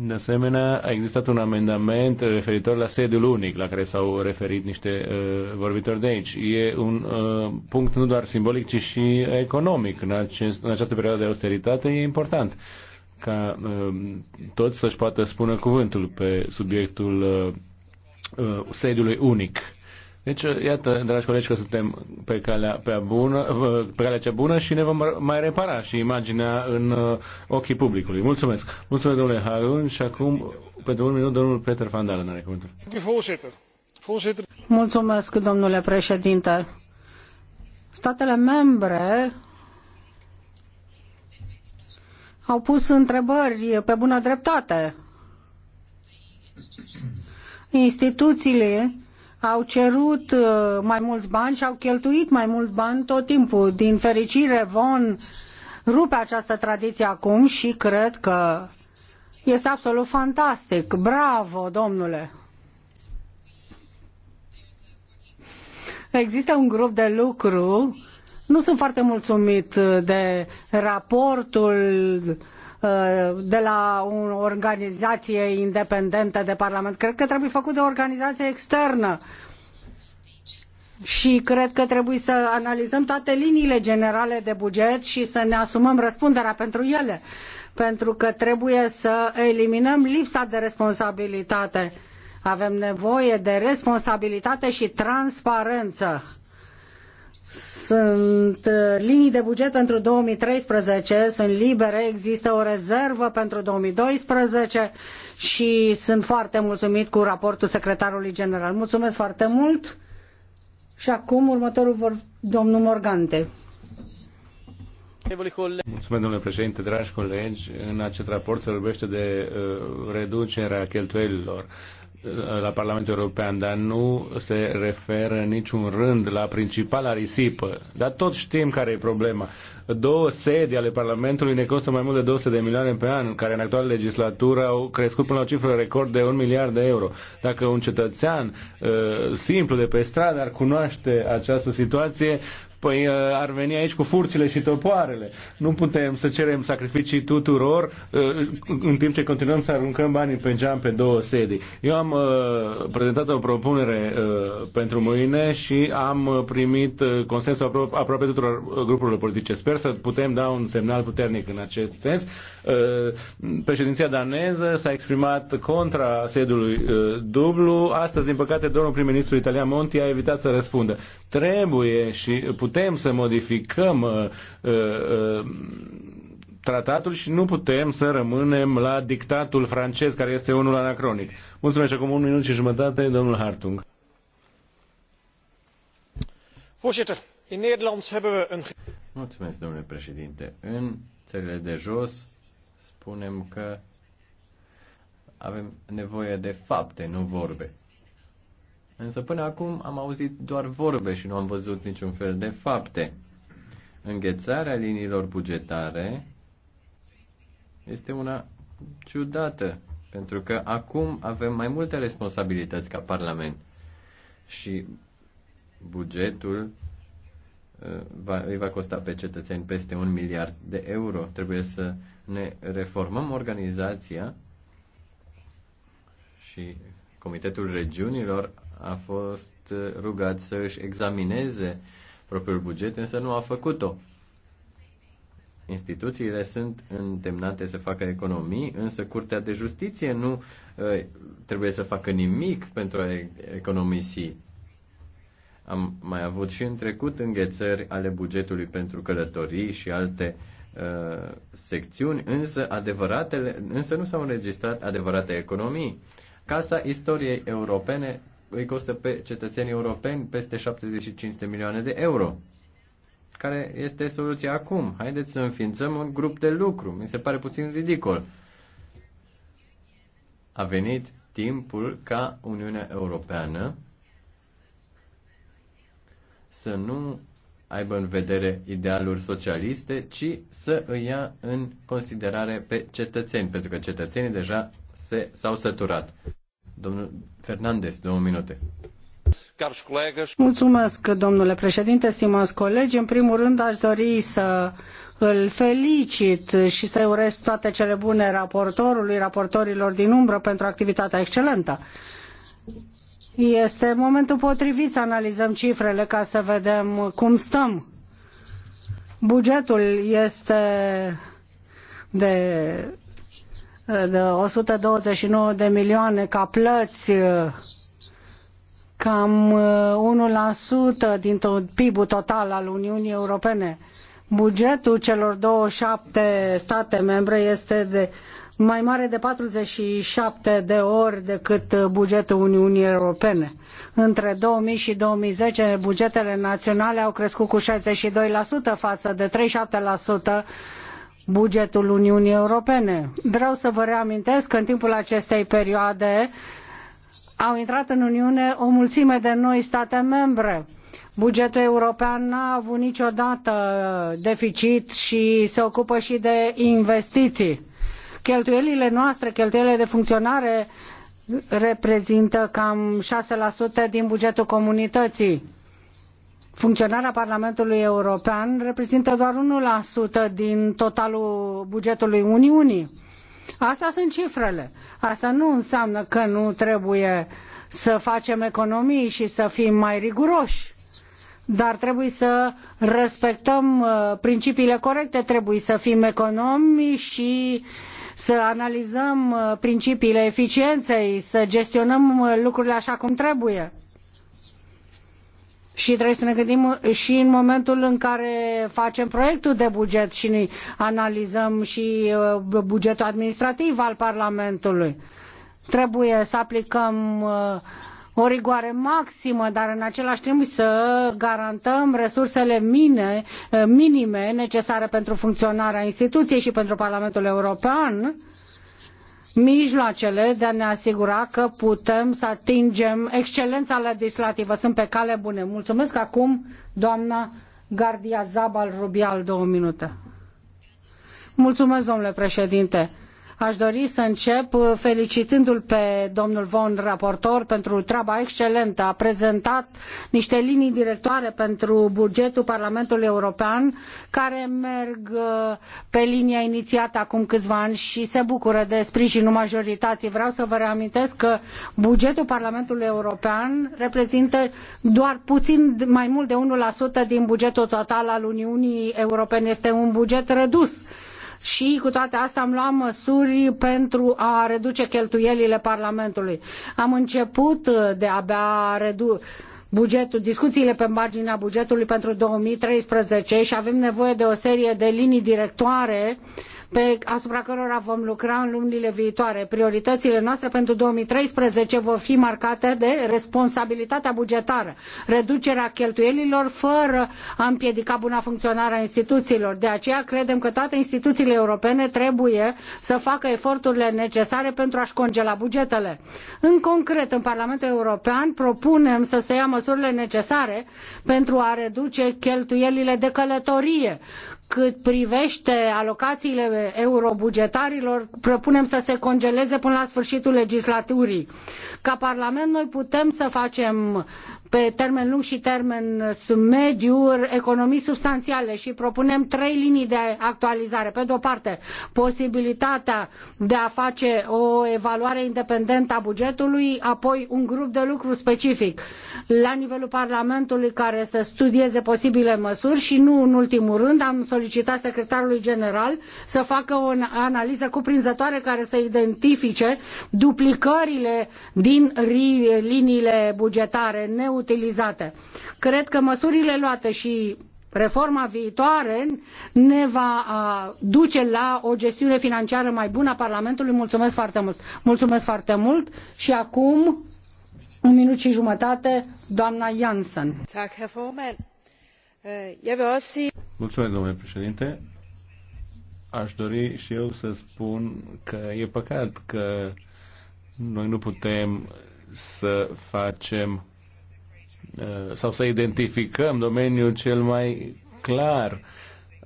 De asemenea, a existat un amendament referitor la sediul unic, la care s-au referit niște uh, vorbitori de aici. E un uh, punct nu doar simbolic, ci și economic. În, acest, în această perioadă de austeritate e important ca uh, toți să-și poată spune cuvântul pe subiectul uh, uh sediului unic deci, uh, iată, dragi colegi, că suntem pe calea, pe, bună, uh, pe calea cea bună și ne vom mai repara și imaginea în uh, ochii publicului. Mulțumesc! Mulțumesc, domnule Harun, și acum, pentru un minut, domnul Peter Van Dalen are cuvântul. Mulțumesc, domnule președinte. Statele membre au pus întrebări pe bună dreptate. Instituțiile au cerut uh, mai mulți bani și au cheltuit mai mulți bani tot timpul. Din fericire, Von rupe această tradiție acum și cred că este absolut fantastic. Bravo, domnule! Există un grup de lucru. Nu sunt foarte mulțumit de raportul Uh, de la o organizație independentă de Parlament. Cred că trebuie făcut de o organizație externă. Și cred că trebuie să analizăm toate liniile generale de buget și să ne asumăm răspunderea pentru ele. Pentru că trebuie să eliminăm lipsa de responsabilitate. Avem nevoie de responsabilitate și transparență sunt uh, linii de buget pentru 2013, sunt libere, există o rezervă pentru 2012 și sunt foarte mulțumit cu raportul secretarului general. Mulțumesc foarte mult și acum următorul vor domnul Morgante. Mulțumesc, domnule președinte, dragi colegi. În acest raport se vorbește de uh, reducerea cheltuielilor la Parlamentul European, dar nu se referă niciun rând la principala risipă. Dar tot știm care e problema. Două sedi ale Parlamentului ne costă mai mult de 200 de milioane pe an, care în actuala legislatură au crescut până la o cifră record de un miliard de euro. Dacă un cetățean uh, simplu de pe stradă ar cunoaște această situație, Păi uh, ar veni aici cu furcile și topoarele. Nu putem să cerem sacrificii tuturor uh, în timp ce continuăm să aruncăm banii pe geam pe două sedii. Eu am uh, prezentat o propunere pentru mâine și am primit consensul apro aproape tuturor grupurilor politice. Sper să putem da un semnal puternic în acest sens Eh, președinția daneză s-a exprimat contra sediului eh, dublu. Astăzi, din păcate, domnul prim-ministru italian Monti a evitat să răspundă. Trebuie și putem să modificăm eh, tratatul și nu putem să rămânem la dictatul francez, care este unul anacronic. Mulțumesc acum un minut și jumătate, domnul Hartung. Mulțumesc, domnule președinte. În țările de jos spunem că avem nevoie de fapte, nu vorbe. Însă până acum am auzit doar vorbe și nu am văzut niciun fel de fapte. Înghețarea liniilor bugetare este una ciudată, pentru că acum avem mai multe responsabilități ca Parlament și bugetul Uh, va, îi va costa pe cetățeni peste un miliard de euro. Trebuie să ne reformăm organizația și Comitetul Regiunilor a fost uh, rugat să își examineze propriul buget, însă nu a făcut-o. Instituțiile sunt îndemnate să facă economii, însă Curtea de Justiție nu uh, trebuie să facă nimic pentru a economisi am mai avut și în trecut înghețări ale bugetului pentru călătorii și alte uh, secțiuni, însă, adevăratele, însă nu s-au înregistrat adevărate economii. Casa istoriei europene îi costă pe cetățenii europeni peste 75 de milioane de euro. Care este soluția acum? Haideți să înființăm un grup de lucru. Mi se pare puțin ridicol. A venit timpul ca Uniunea Europeană să nu aibă în vedere idealuri socialiste, ci să îi ia în considerare pe cetățeni, pentru că cetățenii deja se, s-au săturat. Domnul Fernandez, două minute. Mulțumesc, domnule președinte, stimați colegi. În primul rând, aș dori să îl felicit și să-i urez toate cele bune raportorului, raportorilor din umbră pentru activitatea excelentă. Este momentul potrivit să analizăm cifrele ca să vedem cum stăm. Bugetul este de, de 129 de milioane ca plăți, cam 1% din PIB-ul total al Uniunii Europene. Bugetul celor 27 state membre este de mai mare de 47 de ori decât bugetul Uniunii Europene. Între 2000 și 2010, bugetele naționale au crescut cu 62% față de 37% bugetul Uniunii Europene. Vreau să vă reamintesc că în timpul acestei perioade au intrat în Uniune o mulțime de noi state membre. Bugetul european n-a avut niciodată deficit și se ocupă și de investiții Cheltuielile noastre, cheltuielile de funcționare reprezintă cam 6% din bugetul comunității. Funcționarea Parlamentului European reprezintă doar 1% din totalul bugetului Uniunii. Asta sunt cifrele. Asta nu înseamnă că nu trebuie să facem economii și să fim mai riguroși dar trebuie să respectăm uh, principiile corecte, trebuie să fim economi și să analizăm uh, principiile eficienței, să gestionăm uh, lucrurile așa cum trebuie. Și trebuie să ne gândim uh, și în momentul în care facem proiectul de buget și ne analizăm și bugetul administrativ al Parlamentului. Trebuie să aplicăm uh, o rigoare maximă, dar în același timp să garantăm resursele mine, eh, minime necesare pentru funcționarea instituției și pentru Parlamentul European mijloacele de a ne asigura că putem să atingem excelența legislativă. Sunt pe cale bune. Mulțumesc acum, doamna Gardia Zabal Rubial, două minute. Mulțumesc, domnule președinte. Aș dori să încep uh, felicitându-l pe domnul Von, raportor, pentru treaba excelentă. A prezentat niște linii directoare pentru bugetul Parlamentului European care merg uh, pe linia inițiată acum câțiva ani și se bucură de sprijinul majorității. Vreau să vă reamintesc că bugetul Parlamentului European reprezintă doar puțin mai mult de 1% din bugetul total al Uniunii Europene. Este un buget redus și cu toate astea am luat măsuri pentru a reduce cheltuielile Parlamentului. Am început de abia redu- bugetul, discuțiile pe marginea bugetului pentru 2013 și avem nevoie de o serie de linii directoare pe, asupra cărora vom lucra în lunile viitoare. Prioritățile noastre pentru 2013 vor fi marcate de responsabilitatea bugetară, reducerea cheltuielilor fără a împiedica buna funcționare a instituțiilor. De aceea credem că toate instituțiile europene trebuie să facă eforturile necesare pentru a-și congela bugetele. În concret, în Parlamentul European propunem să se ia măsurile necesare pentru a reduce cheltuielile de călătorie cât privește alocațiile eurobugetarilor, propunem să se congeleze până la sfârșitul legislaturii. Ca Parlament noi putem să facem pe termen lung și termen mediu economii substanțiale și propunem trei linii de actualizare. Pe de o parte, posibilitatea de a face o evaluare independentă a bugetului, apoi un grup de lucru specific la nivelul Parlamentului care să studieze posibile măsuri și nu în ultimul rând am solicita secretarului general să facă o analiză cuprinzătoare care să identifice duplicările din liniile bugetare neutilizate. Cred că măsurile luate și reforma viitoare ne va duce la o gestiune financiară mai bună a Parlamentului. Mulțumesc foarte mult! Mulțumesc foarte mult și acum un minut și jumătate, doamna Janssen. Eu eh, Mulțumesc, domnule președinte. Aș dori și eu să spun că e păcat că noi nu putem să facem eh, sau să identificăm domeniul cel mai clar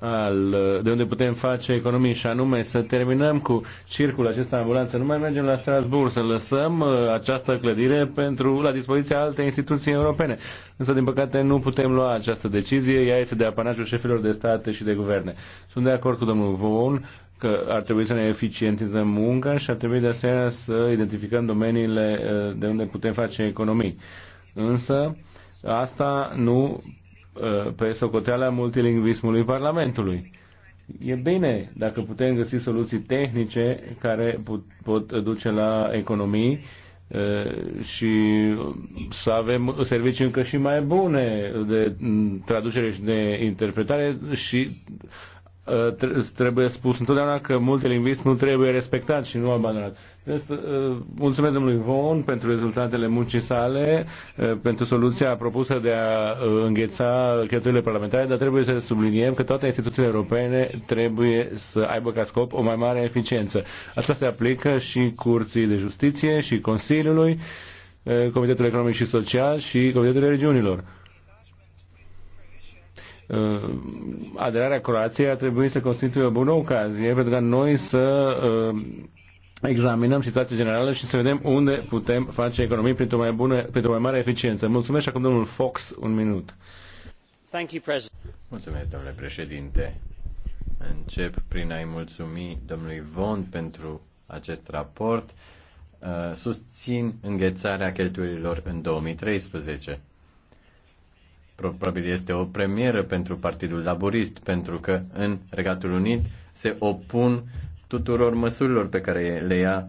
al, de unde putem face economii și anume să terminăm cu circul acesta ambulanță. Nu mai mergem la Strasbourg, să lăsăm uh, această clădire pentru la dispoziția alte instituții europene. Însă, din păcate, nu putem lua această decizie. Ea este de apanajul șefilor de state și de guverne. Sunt de acord cu domnul Vaughan că ar trebui să ne eficientizăm munca și ar trebui de asemenea să identificăm domeniile uh, de unde putem face economii. Însă, asta nu Uh, pe socoteala multilingvismului Parlamentului. E bine dacă putem găsi soluții tehnice care put, pot duce la economii uh, și să avem servicii încă și mai bune de traducere și de interpretare și Uh, trebuie spus întotdeauna că multilingvism nu trebuie respectat și nu abandonat. Deci, uh, mulțumesc domnului Von pentru rezultatele muncii sale, uh, pentru soluția propusă de a îngheța cheltuielile parlamentare, dar trebuie să subliniem că toate instituțiile europene trebuie să aibă ca scop o mai mare eficiență. Asta se aplică și Curții de Justiție și Consiliului, Comitetul Economic și Social și Comitetul Regiunilor Uh, aderarea Croației ar trebui să constituie o bună ocazie pentru ca noi să uh, examinăm situația generală și să vedem unde putem face economii printr-o mai, bună, printr mai mare eficiență. Mulțumesc și acum domnul Fox, un minut. Thank you, President. Mulțumesc, domnule președinte. Încep prin a-i mulțumi domnului Von pentru acest raport. Uh, susțin înghețarea cheltuielilor în 2013. Probabil este o premieră pentru Partidul Laborist, pentru că în Regatul Unit se opun tuturor măsurilor pe care le ia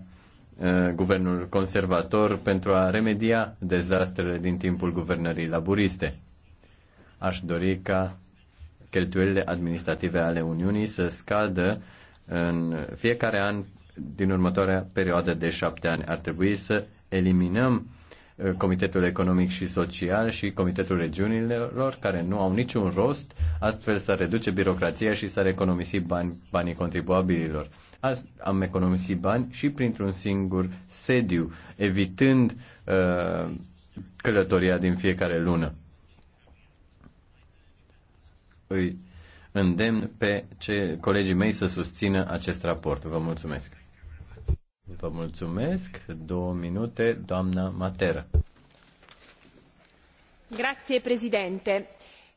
uh, guvernul conservator pentru a remedia dezastrele din timpul guvernării laburiste. Aș dori ca cheltuielile administrative ale Uniunii să scadă în fiecare an din următoarea perioadă de șapte ani. Ar trebui să eliminăm Comitetul Economic și Social și Comitetul Regiunilor, care nu au niciun rost, astfel s-ar reduce birocrația și s-ar economisi bani, banii contribuabililor. Azi am economisit bani și printr-un singur sediu, evitând uh, călătoria din fiecare lună. Îi îndemn pe ce colegii mei să susțină acest raport. Vă mulțumesc! Vă mulțumesc. Două minute, doamna Matera. Grazie, președinte.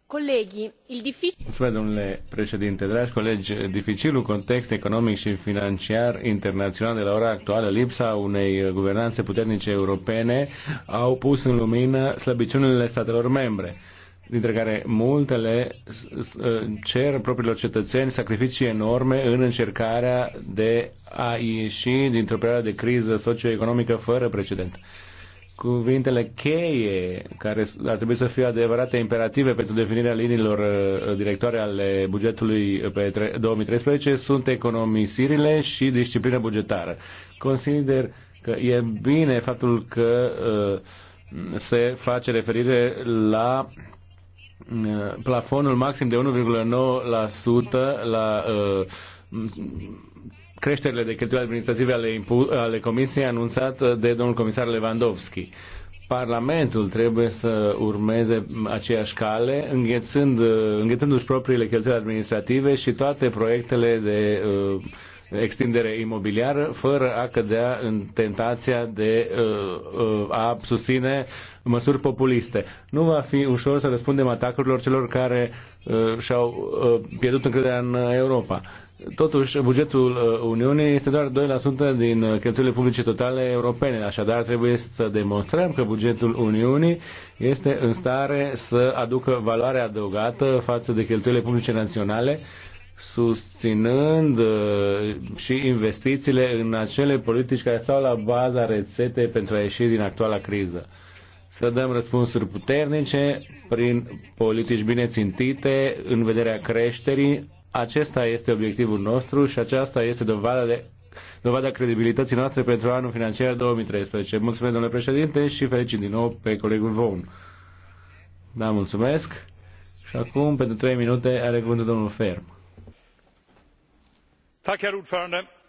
Colegi, il dificil... Mulțumesc, domnule președinte. Dragi colegi, dificilul context economic și financiar internațional de la ora actuală, lipsa unei guvernanțe puternice europene, au pus în lumină slăbiciunile statelor membre dintre care multele uh, cer propriilor cetățeni sacrificii enorme în încercarea de a ieși dintr-o perioadă de criză socioeconomică fără precedent. Cuvintele cheie care ar trebui să fie adevărate imperative pentru definirea liniilor uh, directoare ale bugetului pe 2013 sunt economisirile și disciplina bugetară. Consider că e bine faptul că uh, se face referire la plafonul maxim de 1,9% la uh, creșterile de cheltuieli administrative ale, ale Comisiei anunțat de domnul comisar Lewandowski. Parlamentul trebuie să urmeze aceeași cale, înghețând, înghețându-și propriile cheltuieli administrative și toate proiectele de uh, extindere imobiliară, fără a cădea în tentația de uh, uh, a susține măsuri populiste. Nu va fi ușor să răspundem atacurilor celor care uh, și-au uh, pierdut încrederea în uh, Europa. Totuși, bugetul uh, Uniunii este doar 2% din uh, cheltuielile publice totale europene, așadar trebuie să demonstrăm că bugetul Uniunii este în stare să aducă valoare adăugată față de cheltuielile publice naționale, susținând și investițiile în acele politici care stau la baza rețetei pentru a ieși din actuala criză să dăm răspunsuri puternice prin politici bine țintite în vederea creșterii. Acesta este obiectivul nostru și aceasta este dovada de dovada credibilității noastre pentru anul financiar 2013. Mulțumesc, domnule președinte, și felicit din nou pe colegul Von. Da, mulțumesc. Și acum, pentru trei minute, are cuvântul domnul Ferm.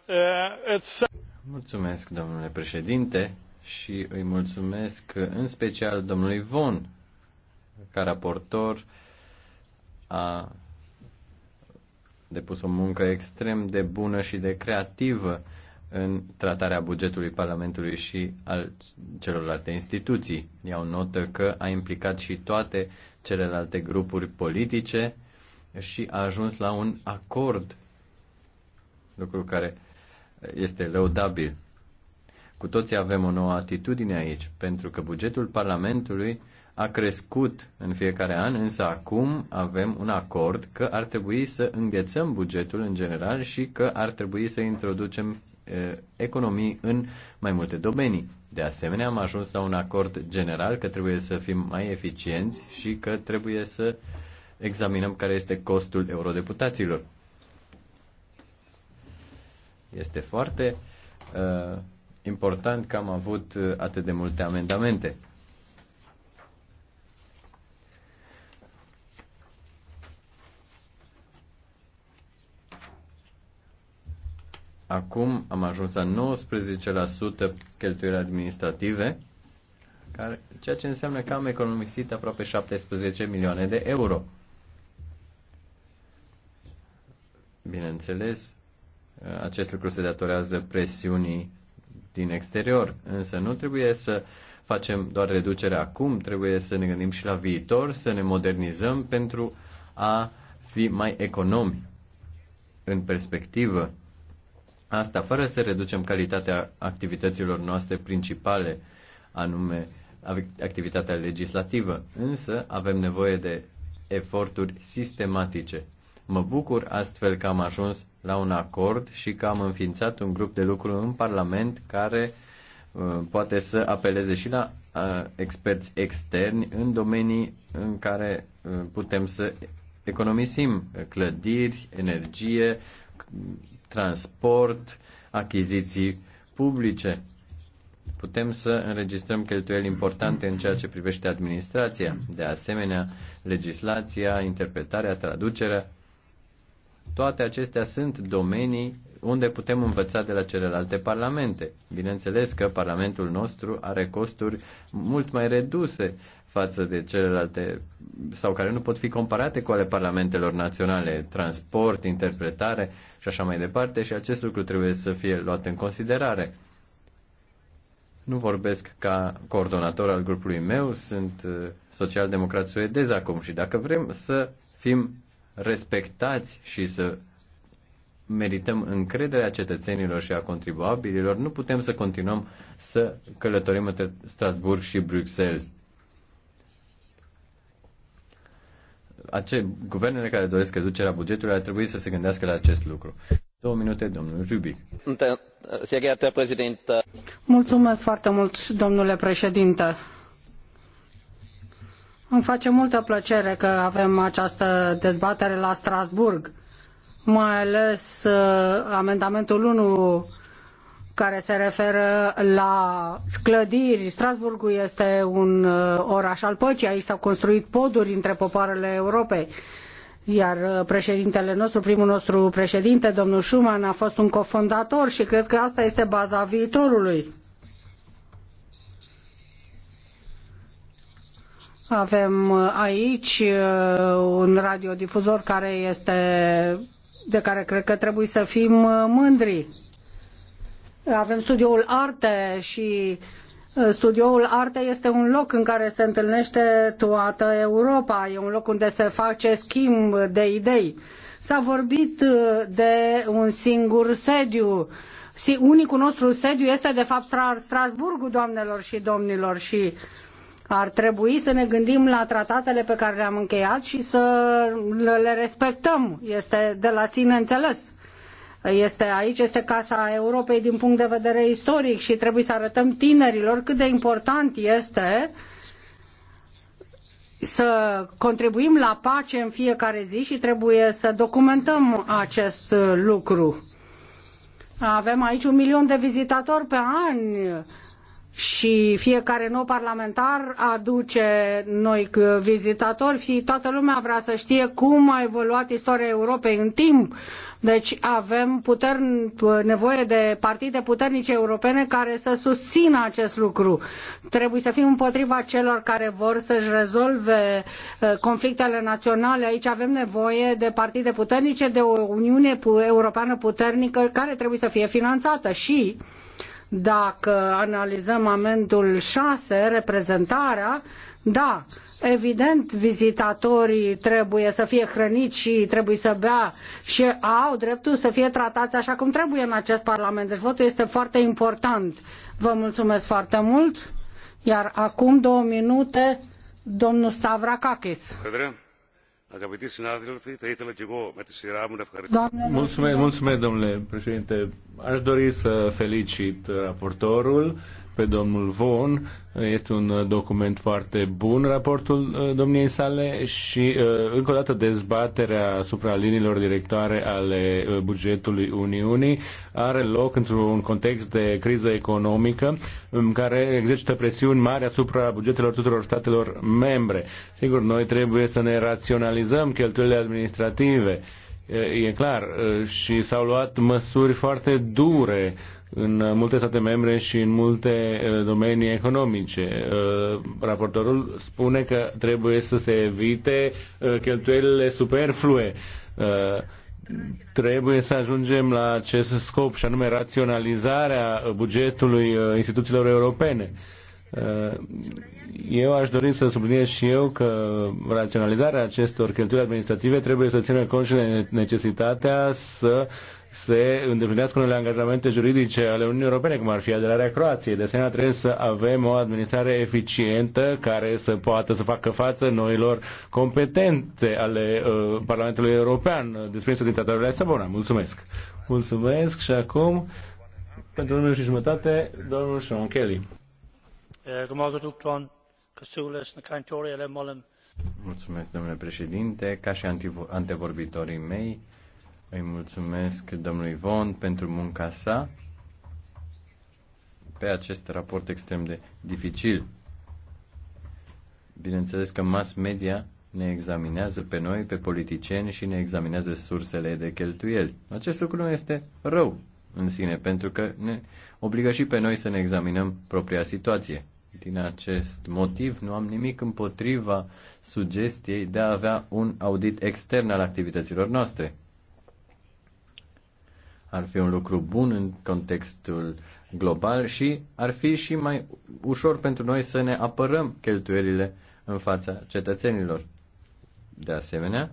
Eh, mulțumesc, domnule președinte și îi mulțumesc în special domnului Von, ca raportor a depus o muncă extrem de bună și de creativă în tratarea bugetului Parlamentului și al celorlalte instituții. Iau notă că a implicat și toate celelalte grupuri politice și a ajuns la un acord, lucru care este lăudabil. Cu toții avem o nouă atitudine aici, pentru că bugetul Parlamentului a crescut în fiecare an, însă acum avem un acord că ar trebui să înghețăm bugetul în general și că ar trebui să introducem economii în mai multe domenii. De asemenea, am ajuns la un acord general că trebuie să fim mai eficienți și că trebuie să examinăm care este costul eurodeputaților. Este foarte uh, important că am avut uh, atât de multe amendamente. Acum am ajuns la 19% cheltuieli administrative, care, ceea ce înseamnă că am economisit aproape 17 milioane de euro. Bineînțeles, uh, acest lucru se datorează presiunii din exterior. Însă nu trebuie să facem doar reducerea acum, trebuie să ne gândim și la viitor, să ne modernizăm pentru a fi mai economi în perspectivă. Asta fără să reducem calitatea activităților noastre principale, anume activitatea legislativă. Însă avem nevoie de eforturi sistematice Mă bucur astfel că am ajuns la un acord și că am înființat un grup de lucru în Parlament care uh, poate să apeleze și la uh, experți externi în domenii în care uh, putem să economisim clădiri, energie, transport, achiziții publice. Putem să înregistrăm cheltuieli importante în ceea ce privește administrația, de asemenea legislația, interpretarea, traducerea toate acestea sunt domenii unde putem învăța de la celelalte parlamente. Bineînțeles că parlamentul nostru are costuri mult mai reduse față de celelalte sau care nu pot fi comparate cu ale parlamentelor naționale, transport, interpretare și așa mai departe și acest lucru trebuie să fie luat în considerare. Nu vorbesc ca coordonator al grupului meu, sunt uh, social-democrat suedez acum și dacă vrem să fim respectați și să merităm încrederea cetățenilor și a contribuabililor, nu putem să continuăm să călătorim între Strasburg și Bruxelles. Ace- guvernele care doresc reducerea bugetului ar trebui să se gândească la acest lucru. Două minute, domnul Rubic. Mulțumesc foarte mult, domnule președinte îmi face multă plăcere că avem această dezbatere la Strasbourg, mai ales uh, amendamentul 1 care se referă la clădiri. Strasbourgul este un uh, oraș al păcii, aici s-au construit poduri între popoarele Europei. Iar uh, președintele nostru, primul nostru președinte, domnul Schuman, a fost un cofondator și cred că asta este baza viitorului Avem uh, aici uh, un radiodifuzor care este de care cred că trebuie să fim uh, mândri. Avem studioul Arte și studioul Arte este un loc în care se întâlnește toată Europa, e un loc unde se face schimb de idei. S-a vorbit de un singur sediu. Unicul nostru sediu este de fapt Strasburgul, doamnelor și domnilor, și uh, ar trebui să ne gândim la tratatele pe care le-am încheiat și să le respectăm. Este de la ține înțeles. Este, aici este Casa Europei din punct de vedere istoric și trebuie să arătăm tinerilor cât de important este să contribuim la pace în fiecare zi și trebuie să documentăm acest lucru. Avem aici un milion de vizitatori pe an și fiecare nou parlamentar aduce noi vizitatori și toată lumea vrea să știe cum a evoluat istoria Europei în timp. Deci avem puter, nevoie de partide puternice europene care să susțină acest lucru. Trebuie să fim împotriva celor care vor să-și rezolve eh, conflictele naționale. Aici avem nevoie de partide puternice, de o Uniune Europeană puternică care trebuie să fie finanțată și dacă analizăm amendul 6, reprezentarea, da, evident, vizitatorii trebuie să fie hrăniți și trebuie să bea și au dreptul să fie tratați așa cum trebuie în acest Parlament. Deci votul este foarte important. Vă mulțumesc foarte mult. Iar acum două minute, domnul Stavrakakis. Pedro. Αγαπητοί συνάδελφοι, θα ήθελα και εγώ με τη σειρά μου να ευχαριστήσω. Mulțumesc, mulțumesc, domnule președinte. Aș felicit raportorul pe domnul Von. Este un uh, document foarte bun, raportul uh, domniei sale și uh, încă o dată dezbaterea asupra liniilor directoare ale bugetului Uniunii are loc într-un context de criză economică în care exercită presiuni mari asupra bugetelor tuturor statelor membre. Sigur, noi trebuie să ne raționalizăm cheltuielile administrative e clar, și s-au luat măsuri foarte dure în multe state membre și în multe domenii economice. Raportorul spune că trebuie să se evite cheltuielile superflue. Trebuie să ajungem la acest scop și anume raționalizarea bugetului instituțiilor europene Uh, eu aș dori să subliniez și eu că raționalizarea acestor cheltuieli administrative trebuie să țină cont și de necesitatea să se îndeplinească unele angajamente juridice ale Uniunii Europene, cum ar fi aderarea Croației. De asemenea, trebuie să avem o administrare eficientă care să poată să facă față noilor competențe ale uh, Parlamentului European uh, desprinsă din Tratatul de Lisabona. Mulțumesc! Mulțumesc și acum, pentru unul și jumătate, domnul Sean Kelly. Mulțumesc, domnule președinte. Ca și antevorbitorii mei, îi mulțumesc domnului vaughan pentru munca sa pe acest raport extrem de dificil. Bineînțeles că mass media ne examinează pe noi, pe politicieni și ne examinează sursele de cheltuieli. Acest lucru nu este rău în sine, pentru că ne obligă și pe noi să ne examinăm propria situație. Din acest motiv, nu am nimic împotriva sugestiei de a avea un audit extern al activităților noastre. Ar fi un lucru bun în contextul global și ar fi și mai ușor pentru noi să ne apărăm cheltuielile în fața cetățenilor. De asemenea,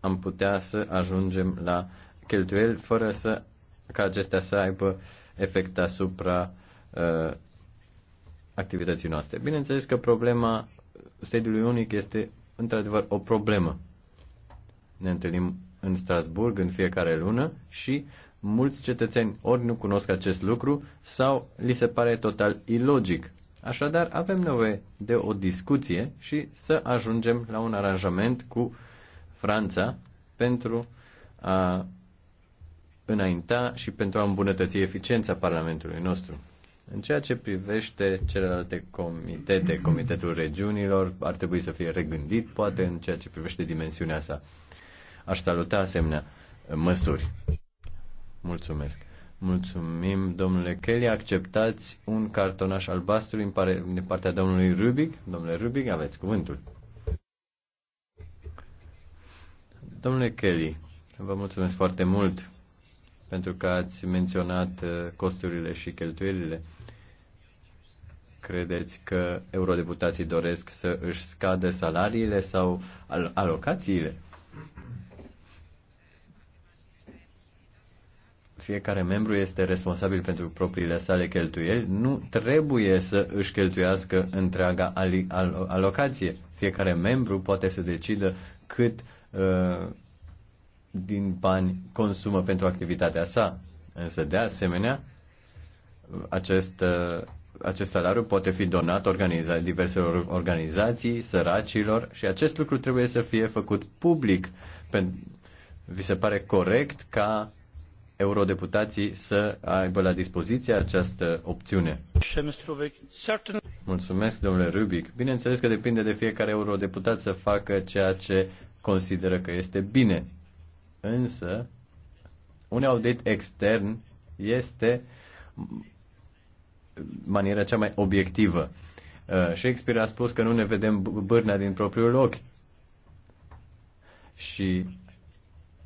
am putea să ajungem la cheltuieli fără să ca acestea să aibă efect asupra uh, activității noastre. Bineînțeles că problema sediului unic este într-adevăr o problemă. Ne întâlnim în Strasburg în fiecare lună și mulți cetățeni ori nu cunosc acest lucru sau li se pare total ilogic. Așadar, avem nevoie de o discuție și să ajungem la un aranjament cu Franța pentru a înainta și pentru a îmbunătăți eficiența Parlamentului nostru. În ceea ce privește celelalte comitete, Comitetul Regiunilor ar trebui să fie regândit, poate în ceea ce privește dimensiunea sa. Aș saluta asemenea uh, măsuri. Mulțumesc. Mulțumim, domnule Kelly. Acceptați un cartonaș albastru din, partea domnului Rubic. Domnule Rubic, aveți cuvântul. Domnule Kelly, vă mulțumesc foarte mult pentru că ați menționat uh, costurile și cheltuielile. Credeți că eurodeputații doresc să își scadă salariile sau al- alocațiile? Fiecare membru este responsabil pentru propriile sale cheltuieli, nu trebuie să își cheltuiască întreaga al- al- alocație. Fiecare membru poate să decidă cât uh, din bani consumă pentru activitatea sa. Însă, de asemenea, acest uh, acest salariu poate fi donat organiza- diverselor organizații, săracilor și acest lucru trebuie să fie făcut public. Vi se pare corect ca eurodeputații să aibă la dispoziție această opțiune. Mulțumesc, domnule Rubic. Bineînțeles că depinde de fiecare eurodeputat să facă ceea ce consideră că este bine. Însă, un audit extern este maniera cea mai obiectivă. Uh, Shakespeare a spus că nu ne vedem bârna din propriul ochi. Și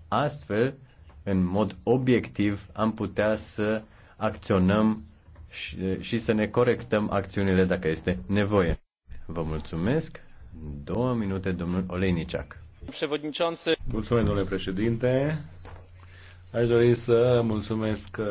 astfel, în mod obiectiv, am putea să acționăm și, și să ne corectăm acțiunile dacă este nevoie. Vă mulțumesc. Două minute, domnul Olejniciac. Mulțumesc, domnule președinte. Aș dori să mulțumesc uh,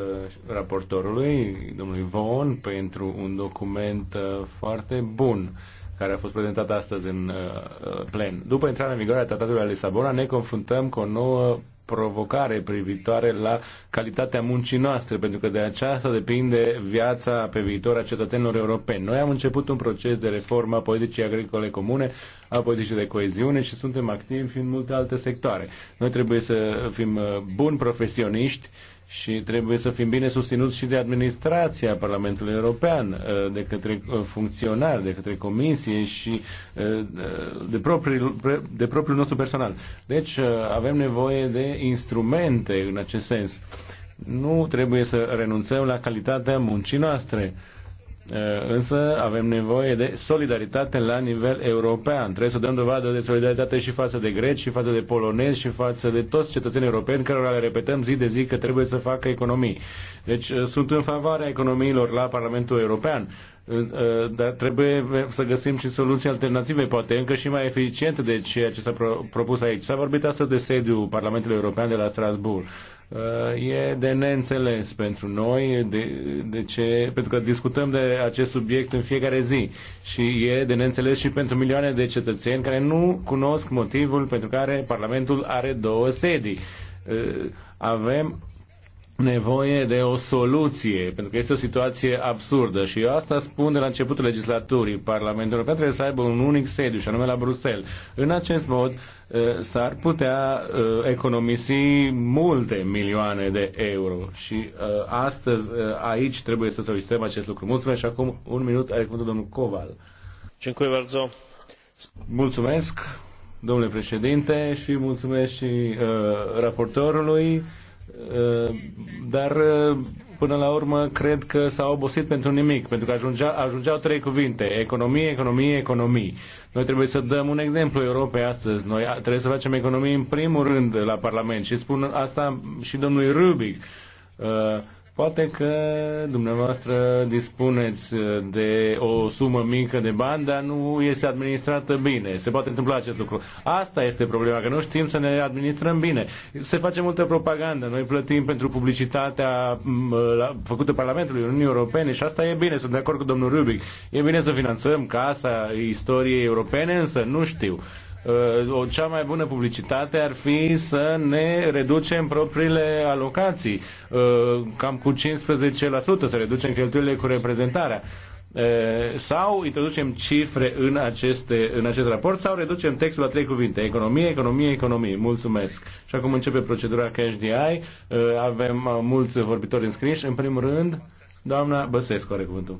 raportorului, domnului Von, pentru un document uh, foarte bun care a fost prezentat astăzi în uh, plen. După intrarea în vigoare a Tratatului la Lisabona, ne confruntăm cu o nouă provocare privitoare la calitatea muncii noastre, pentru că de aceasta depinde viața pe viitor a cetățenilor europeni. Noi am început un proces de reformă a politicii agricole comune, a politicii de coeziune și suntem activi în multe alte sectoare. Noi trebuie să fim uh, buni profesioniști și trebuie să fim bine susținuți și de administrația Parlamentului European, uh, de către uh, funcționari, de către comisie și uh, de propriul, de propriul nostru personal. Deci avem nevoie de instrumente în acest sens. Nu trebuie să renunțăm la calitatea muncii noastre Eh, însă avem nevoie de solidaritate la nivel european. Trebuie să dăm dovadă de solidaritate și față de greci, și față de polonezi, și față de toți cetățenii europeni, cărora le repetăm zi de zi că trebuie să facă economii. Deci eh, sunt în favoarea economiilor la Parlamentul European, eh, dar trebuie să găsim și soluții alternative, poate încă și mai eficiente de ceea ce s-a propus aici. S-a vorbit astăzi de sediul Parlamentului European de la Strasbourg. Uh, e de neînțeles pentru noi, de, de ce, pentru că discutăm de acest subiect în fiecare zi și e de neînțeles și pentru milioane de cetățeni care nu cunosc motivul pentru care Parlamentul are două sedii. Uh, avem nevoie de o soluție, pentru că este o situație absurdă și eu asta spun de la începutul legislaturii. Parlamentul European trebuie să aibă un unic sediu și anume la Bruxelles. În acest mod eh, s-ar putea eh, economisi multe milioane de euro și eh, astăzi aici trebuie să solicităm acest lucru. Mulțumesc și acum un minut are cuvântul domnul Coval. Mulțumesc, domnule președinte, și mulțumesc și uh, raportorului Eh, dar eh, până la urmă cred că s-au obosit pentru nimic, pentru că ajungea, ajungeau trei cuvinte, economie, economie, economie. Noi trebuie să dăm un exemplu Europei astăzi. Noi trebuie să facem economie în primul rând la Parlament și spun asta și domnului Rubic. Uh, eh, Poate că dumneavoastră dispuneți uh, de o sumă mică de bani, dar nu este administrată bine. Se poate întâmpla acest lucru. Asta este problema, că nu știm să ne administrăm bine. Se face multă propagandă. Noi plătim pentru publicitatea mm, uh, făcută Parlamentului Uniunii Europene și asta e bine. Sunt de acord cu domnul Rubic. E bine să finanțăm casa istoriei europene, însă nu știu Uh, o cea mai bună publicitate ar fi să ne reducem propriile alocații, uh, cam cu 15% să reducem cheltuielile cu reprezentarea uh, sau introducem cifre în, aceste, în acest raport sau reducem textul la trei cuvinte. Economie, economie, economie. Mulțumesc. Și acum începe procedura Cash DI. Avem mulți vorbitori înscriși. În primul rând, doamna Băsescu are cuvântul.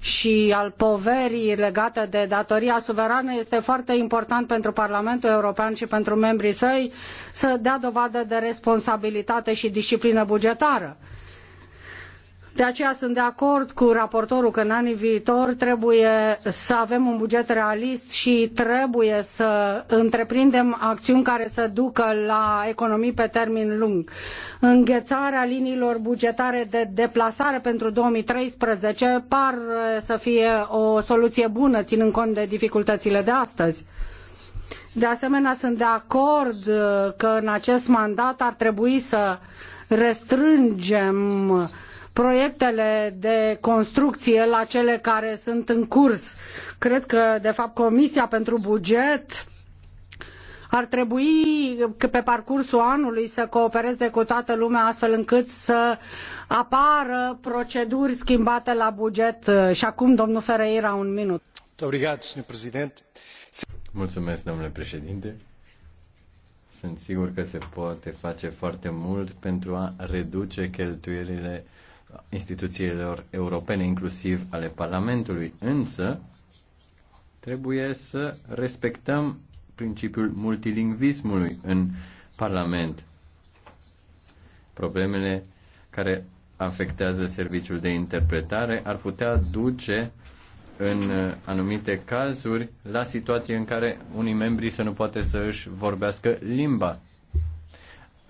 și al poverii legate de datoria suverană este foarte important pentru Parlamentul European și pentru membrii săi să dea dovadă de responsabilitate și disciplină bugetară de aceea sunt de acord cu raportorul că în anii viitor trebuie să avem un buget realist și trebuie să întreprindem acțiuni care să ducă la economii pe termen lung. Înghețarea liniilor bugetare de deplasare pentru 2013 par să fie o soluție bună, ținând cont de dificultățile de astăzi. De asemenea, sunt de acord că în acest mandat ar trebui să restrângem proiectele de construcție la cele care sunt în curs. Cred că, de fapt, Comisia pentru Buget ar trebui pe parcursul anului să coopereze cu toată lumea astfel încât să apară proceduri schimbate la buget. Și acum, domnul Ferreira, un minut. Mulțumesc, domnule președinte. Sunt sigur că se poate face foarte mult pentru a reduce cheltuielile instituțiilor europene, inclusiv ale Parlamentului. Însă, trebuie să respectăm principiul multilingvismului în Parlament. Problemele care afectează serviciul de interpretare ar putea duce în anumite cazuri la situații în care unii membri să nu poate să își vorbească limba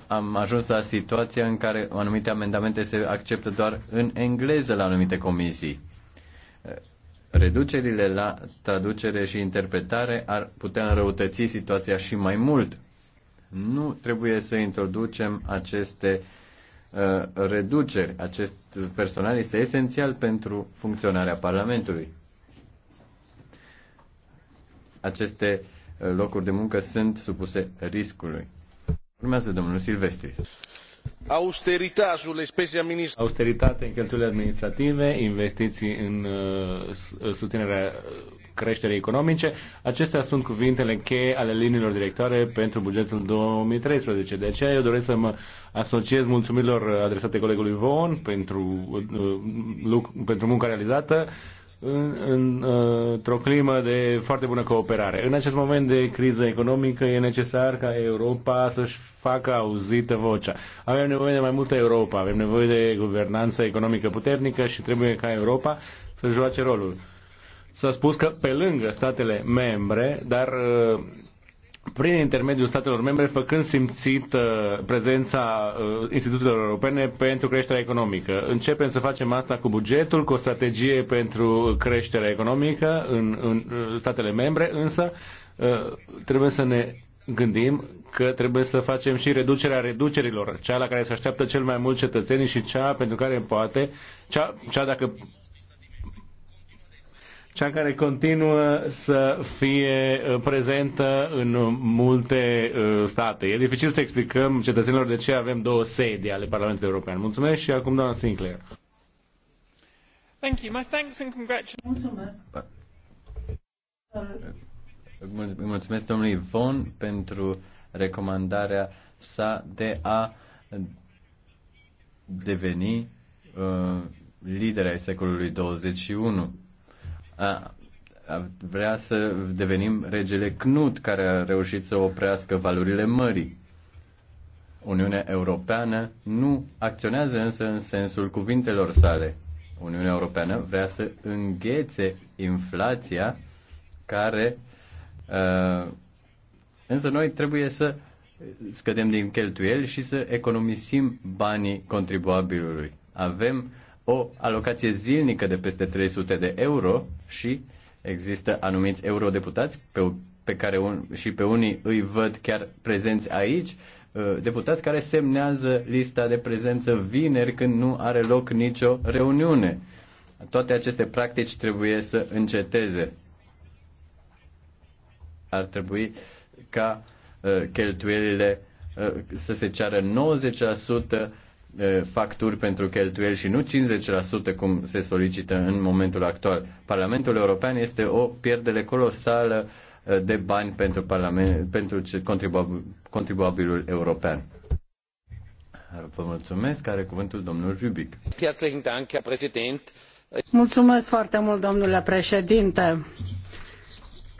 am ajuns la situația în care anumite amendamente se acceptă doar în engleză la anumite comisii. Reducerile la traducere și interpretare ar putea înrăutăți situația și mai mult. Nu trebuie să introducem aceste uh, reduceri. Acest personal este esențial pentru funcționarea Parlamentului. Aceste uh, locuri de muncă sunt supuse riscului Urmează domnul Silvestri. sulle spese Austeritate în cheltuielile administrative, investiții în uh, susținerea creșterii economice. Acestea sunt cuvintele cheie ale liniilor directoare pentru bugetul 2013. De aceea eu doresc să mă asociez mulțumirilor adresate colegului Von pentru, uh, uh pentru munca realizată în, în, uh, într-o climă de foarte bună cooperare. În acest moment de criză economică e necesar ca Europa să-și facă auzită vocea. Avem nevoie de mai multă Europa, avem nevoie de guvernanță economică puternică și trebuie ca Europa să joace rolul. S-a spus că pe lângă statele membre, dar uh, prin intermediul statelor membre, făcând simțit uh, prezența uh, instituțiilor europene pentru creșterea economică. Începem să facem asta cu bugetul, cu o strategie pentru creșterea economică în, în uh, statele membre, însă trebuie să ne gândim că trebuie să facem și reducerea reducerilor, cea la care se așteaptă cel mai mult cetățenii și cea pentru care poate, cea, cea dacă cea care continuă să fie uh, prezentă în multe uh, state. E dificil să explicăm cetățenilor de ce avem două sedi ale Parlamentului European. Mulțumesc și acum doamna Sinclair. Thank you. My thanks and congratulations. Mulțumesc. Mulțumesc domnului Von pentru recomandarea sa de a deveni uh, lider ai secolului 21 vrea să devenim regele Cnut, care a reușit să oprească valurile mării. Uniunea Europeană nu acționează însă în sensul cuvintelor sale. Uniunea Europeană vrea să înghețe inflația care. Uh, însă noi trebuie să scădem din cheltuieli și să economisim banii contribuabilului. Avem o alocație zilnică de peste 300 de euro și există anumiți eurodeputați pe, pe care un, și pe unii îi văd chiar prezenți aici, uh, deputați care semnează lista de prezență vineri când nu are loc nicio reuniune. Toate aceste practici trebuie să înceteze. Ar trebui ca uh, cheltuielile uh, să se ceară 90% facturi pentru cheltuieli și nu 50% cum se solicită în momentul actual. Parlamentul European este o pierdere colosală de bani pentru, parlament, pentru contribuabil, contribuabilul european. Vă mulțumesc. Are cuvântul domnul Rubic. Mulțumesc foarte mult, domnule președinte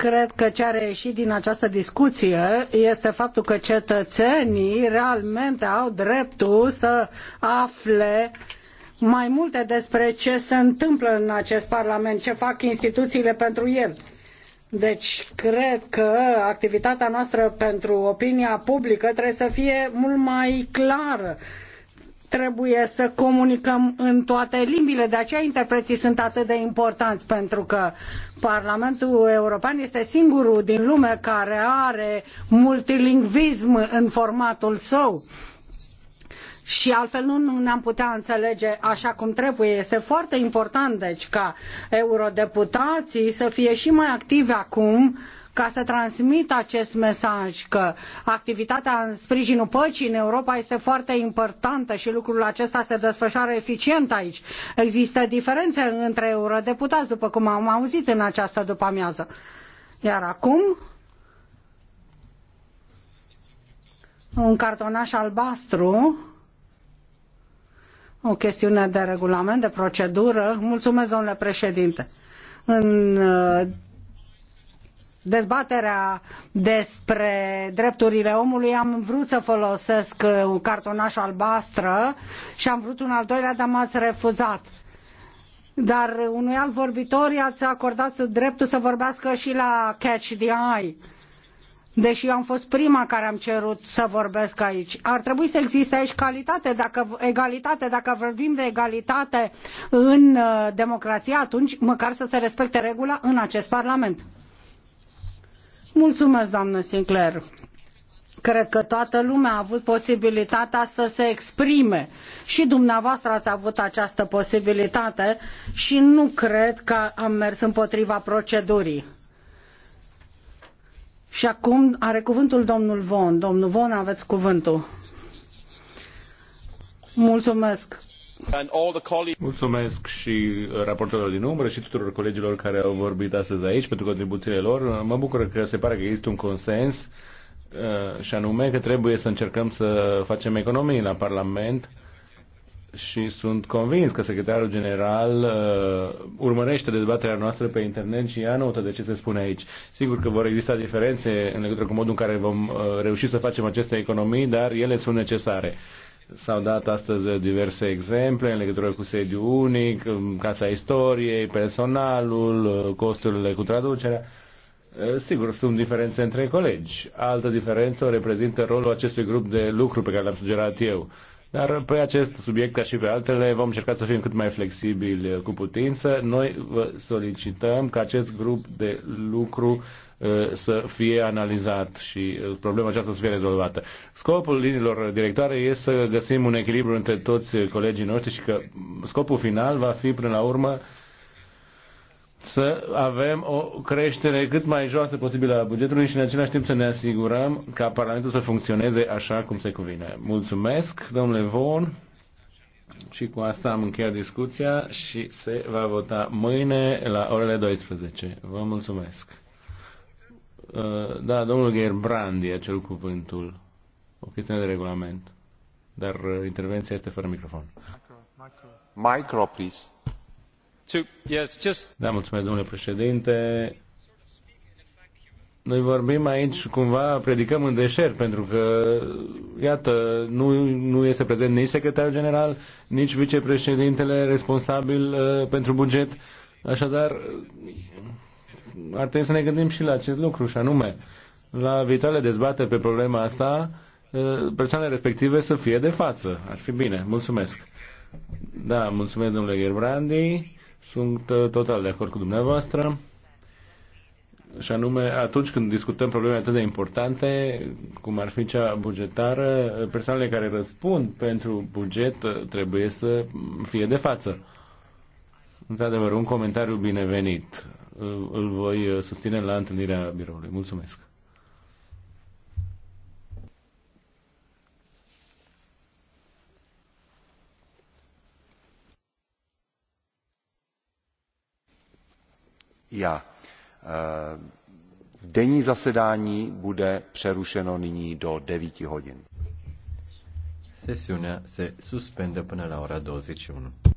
Cred că ce a reieșit din această discuție este faptul că cetățenii realmente au dreptul să afle mai multe despre ce se întâmplă în acest Parlament, ce fac instituțiile pentru el. Deci cred că activitatea noastră pentru opinia publică trebuie să fie mult mai clară trebuie să comunicăm în toate limbile. De aceea interpreții sunt atât de importanți, pentru că Parlamentul European este singurul din lume care are multilingvism în formatul său și altfel nu ne-am putea înțelege așa cum trebuie. Este foarte important, deci, ca eurodeputații să fie și mai activi acum uh, ca să transmit acest mesaj că activitatea în sprijinul păcii în Europa este foarte importantă și lucrul acesta se desfășoară eficient aici. Există diferențe între eurodeputați, după cum am auzit în această după-amiază. Iar acum un cartonaș albastru, o chestiune de regulament, de procedură. Mulțumesc, domnule președinte. În dezbaterea despre drepturile omului am vrut să folosesc uh, un cartonaș albastră și am vrut un al doilea, dar m-ați refuzat. Dar unui alt vorbitor i-ați acordat dreptul să vorbească și la Catch the Eye. Deși eu am fost prima care am cerut să vorbesc aici. Ar trebui să existe aici calitate, dacă, egalitate. Dacă vorbim de egalitate în uh, democrație, atunci măcar să se respecte regula în acest Parlament. Mulțumesc, doamnă Sinclair. Cred că toată lumea a avut posibilitatea să se exprime și dumneavoastră ați avut această posibilitate și nu cred că am mers împotriva procedurii. Și acum are cuvântul domnul Von. Domnul Von, aveți cuvântul. Mulțumesc. Mulțumesc și raportorilor din umbră și tuturor colegilor care au vorbit astăzi aici pentru contribuțiile lor. Mă bucur că se pare că există un consens uh, și anume că trebuie să încercăm să facem economii la Parlament și sunt convins că secretarul general uh, urmărește dezbaterea noastră pe internet și ia notă de ce se spune aici. Sigur că vor exista diferențe în legătură cu modul în care vom uh, reuși să facem aceste economii, dar ele sunt necesare. Uh, S-au dat astăzi diverse exemple în legătură cu sediu unic, Casa Istoriei, personalul, costurile cu traducerea. Sigur, sunt diferențe între colegi. Altă diferență o reprezintă rolul acestui grup de lucru pe care l-am sugerat eu. Dar pe acest subiect, ca și pe altele, vom încerca să fim cât mai flexibili uh, cu putință. Noi vă solicităm ca acest grup de lucru uh, să fie analizat și uh, problema aceasta să fie rezolvată. Scopul liniilor directoare este să găsim un echilibru între toți colegii noștri și că scopul final va fi, până la urmă, să avem o creștere cât mai joasă posibilă a bugetului și în același timp să ne asigurăm ca Parlamentul să funcționeze așa cum se cuvine. Mulțumesc, domnule Von. Și cu asta am încheiat discuția și se va vota mâine la orele 12. Vă mulțumesc. Uh, da, domnul Gerbrandi e acel cuvântul. O chestiune de regulament. Dar uh, intervenția este fără microfon. Micro, micro. micro please. Da, mulțumesc, domnule președinte. Noi vorbim aici, cumva, predicăm în deșert, pentru că, iată, nu, nu este prezent nici secretarul general, nici vicepreședintele responsabil uh, pentru buget. Așadar, ar trebui să ne gândim și la acest lucru, și anume, la viitoarele dezbate pe problema asta, uh, persoanele respective să fie de față. Ar fi bine. Mulțumesc. Da, mulțumesc, domnule Gerbrandi. Sunt uh, total de acord cu dumneavoastră și anume atunci când discutăm probleme atât de importante, cum ar fi cea bugetară, persoanele care răspund pentru buget uh, trebuie să fie de față. Într-adevăr, un comentariu binevenit. Uh, îl voi susține la întâlnirea biroului. Mulțumesc! já. Eh, denní zasedání bude přerušeno nyní do 9 hodin. Sesiunea se suspendă până la ora 21.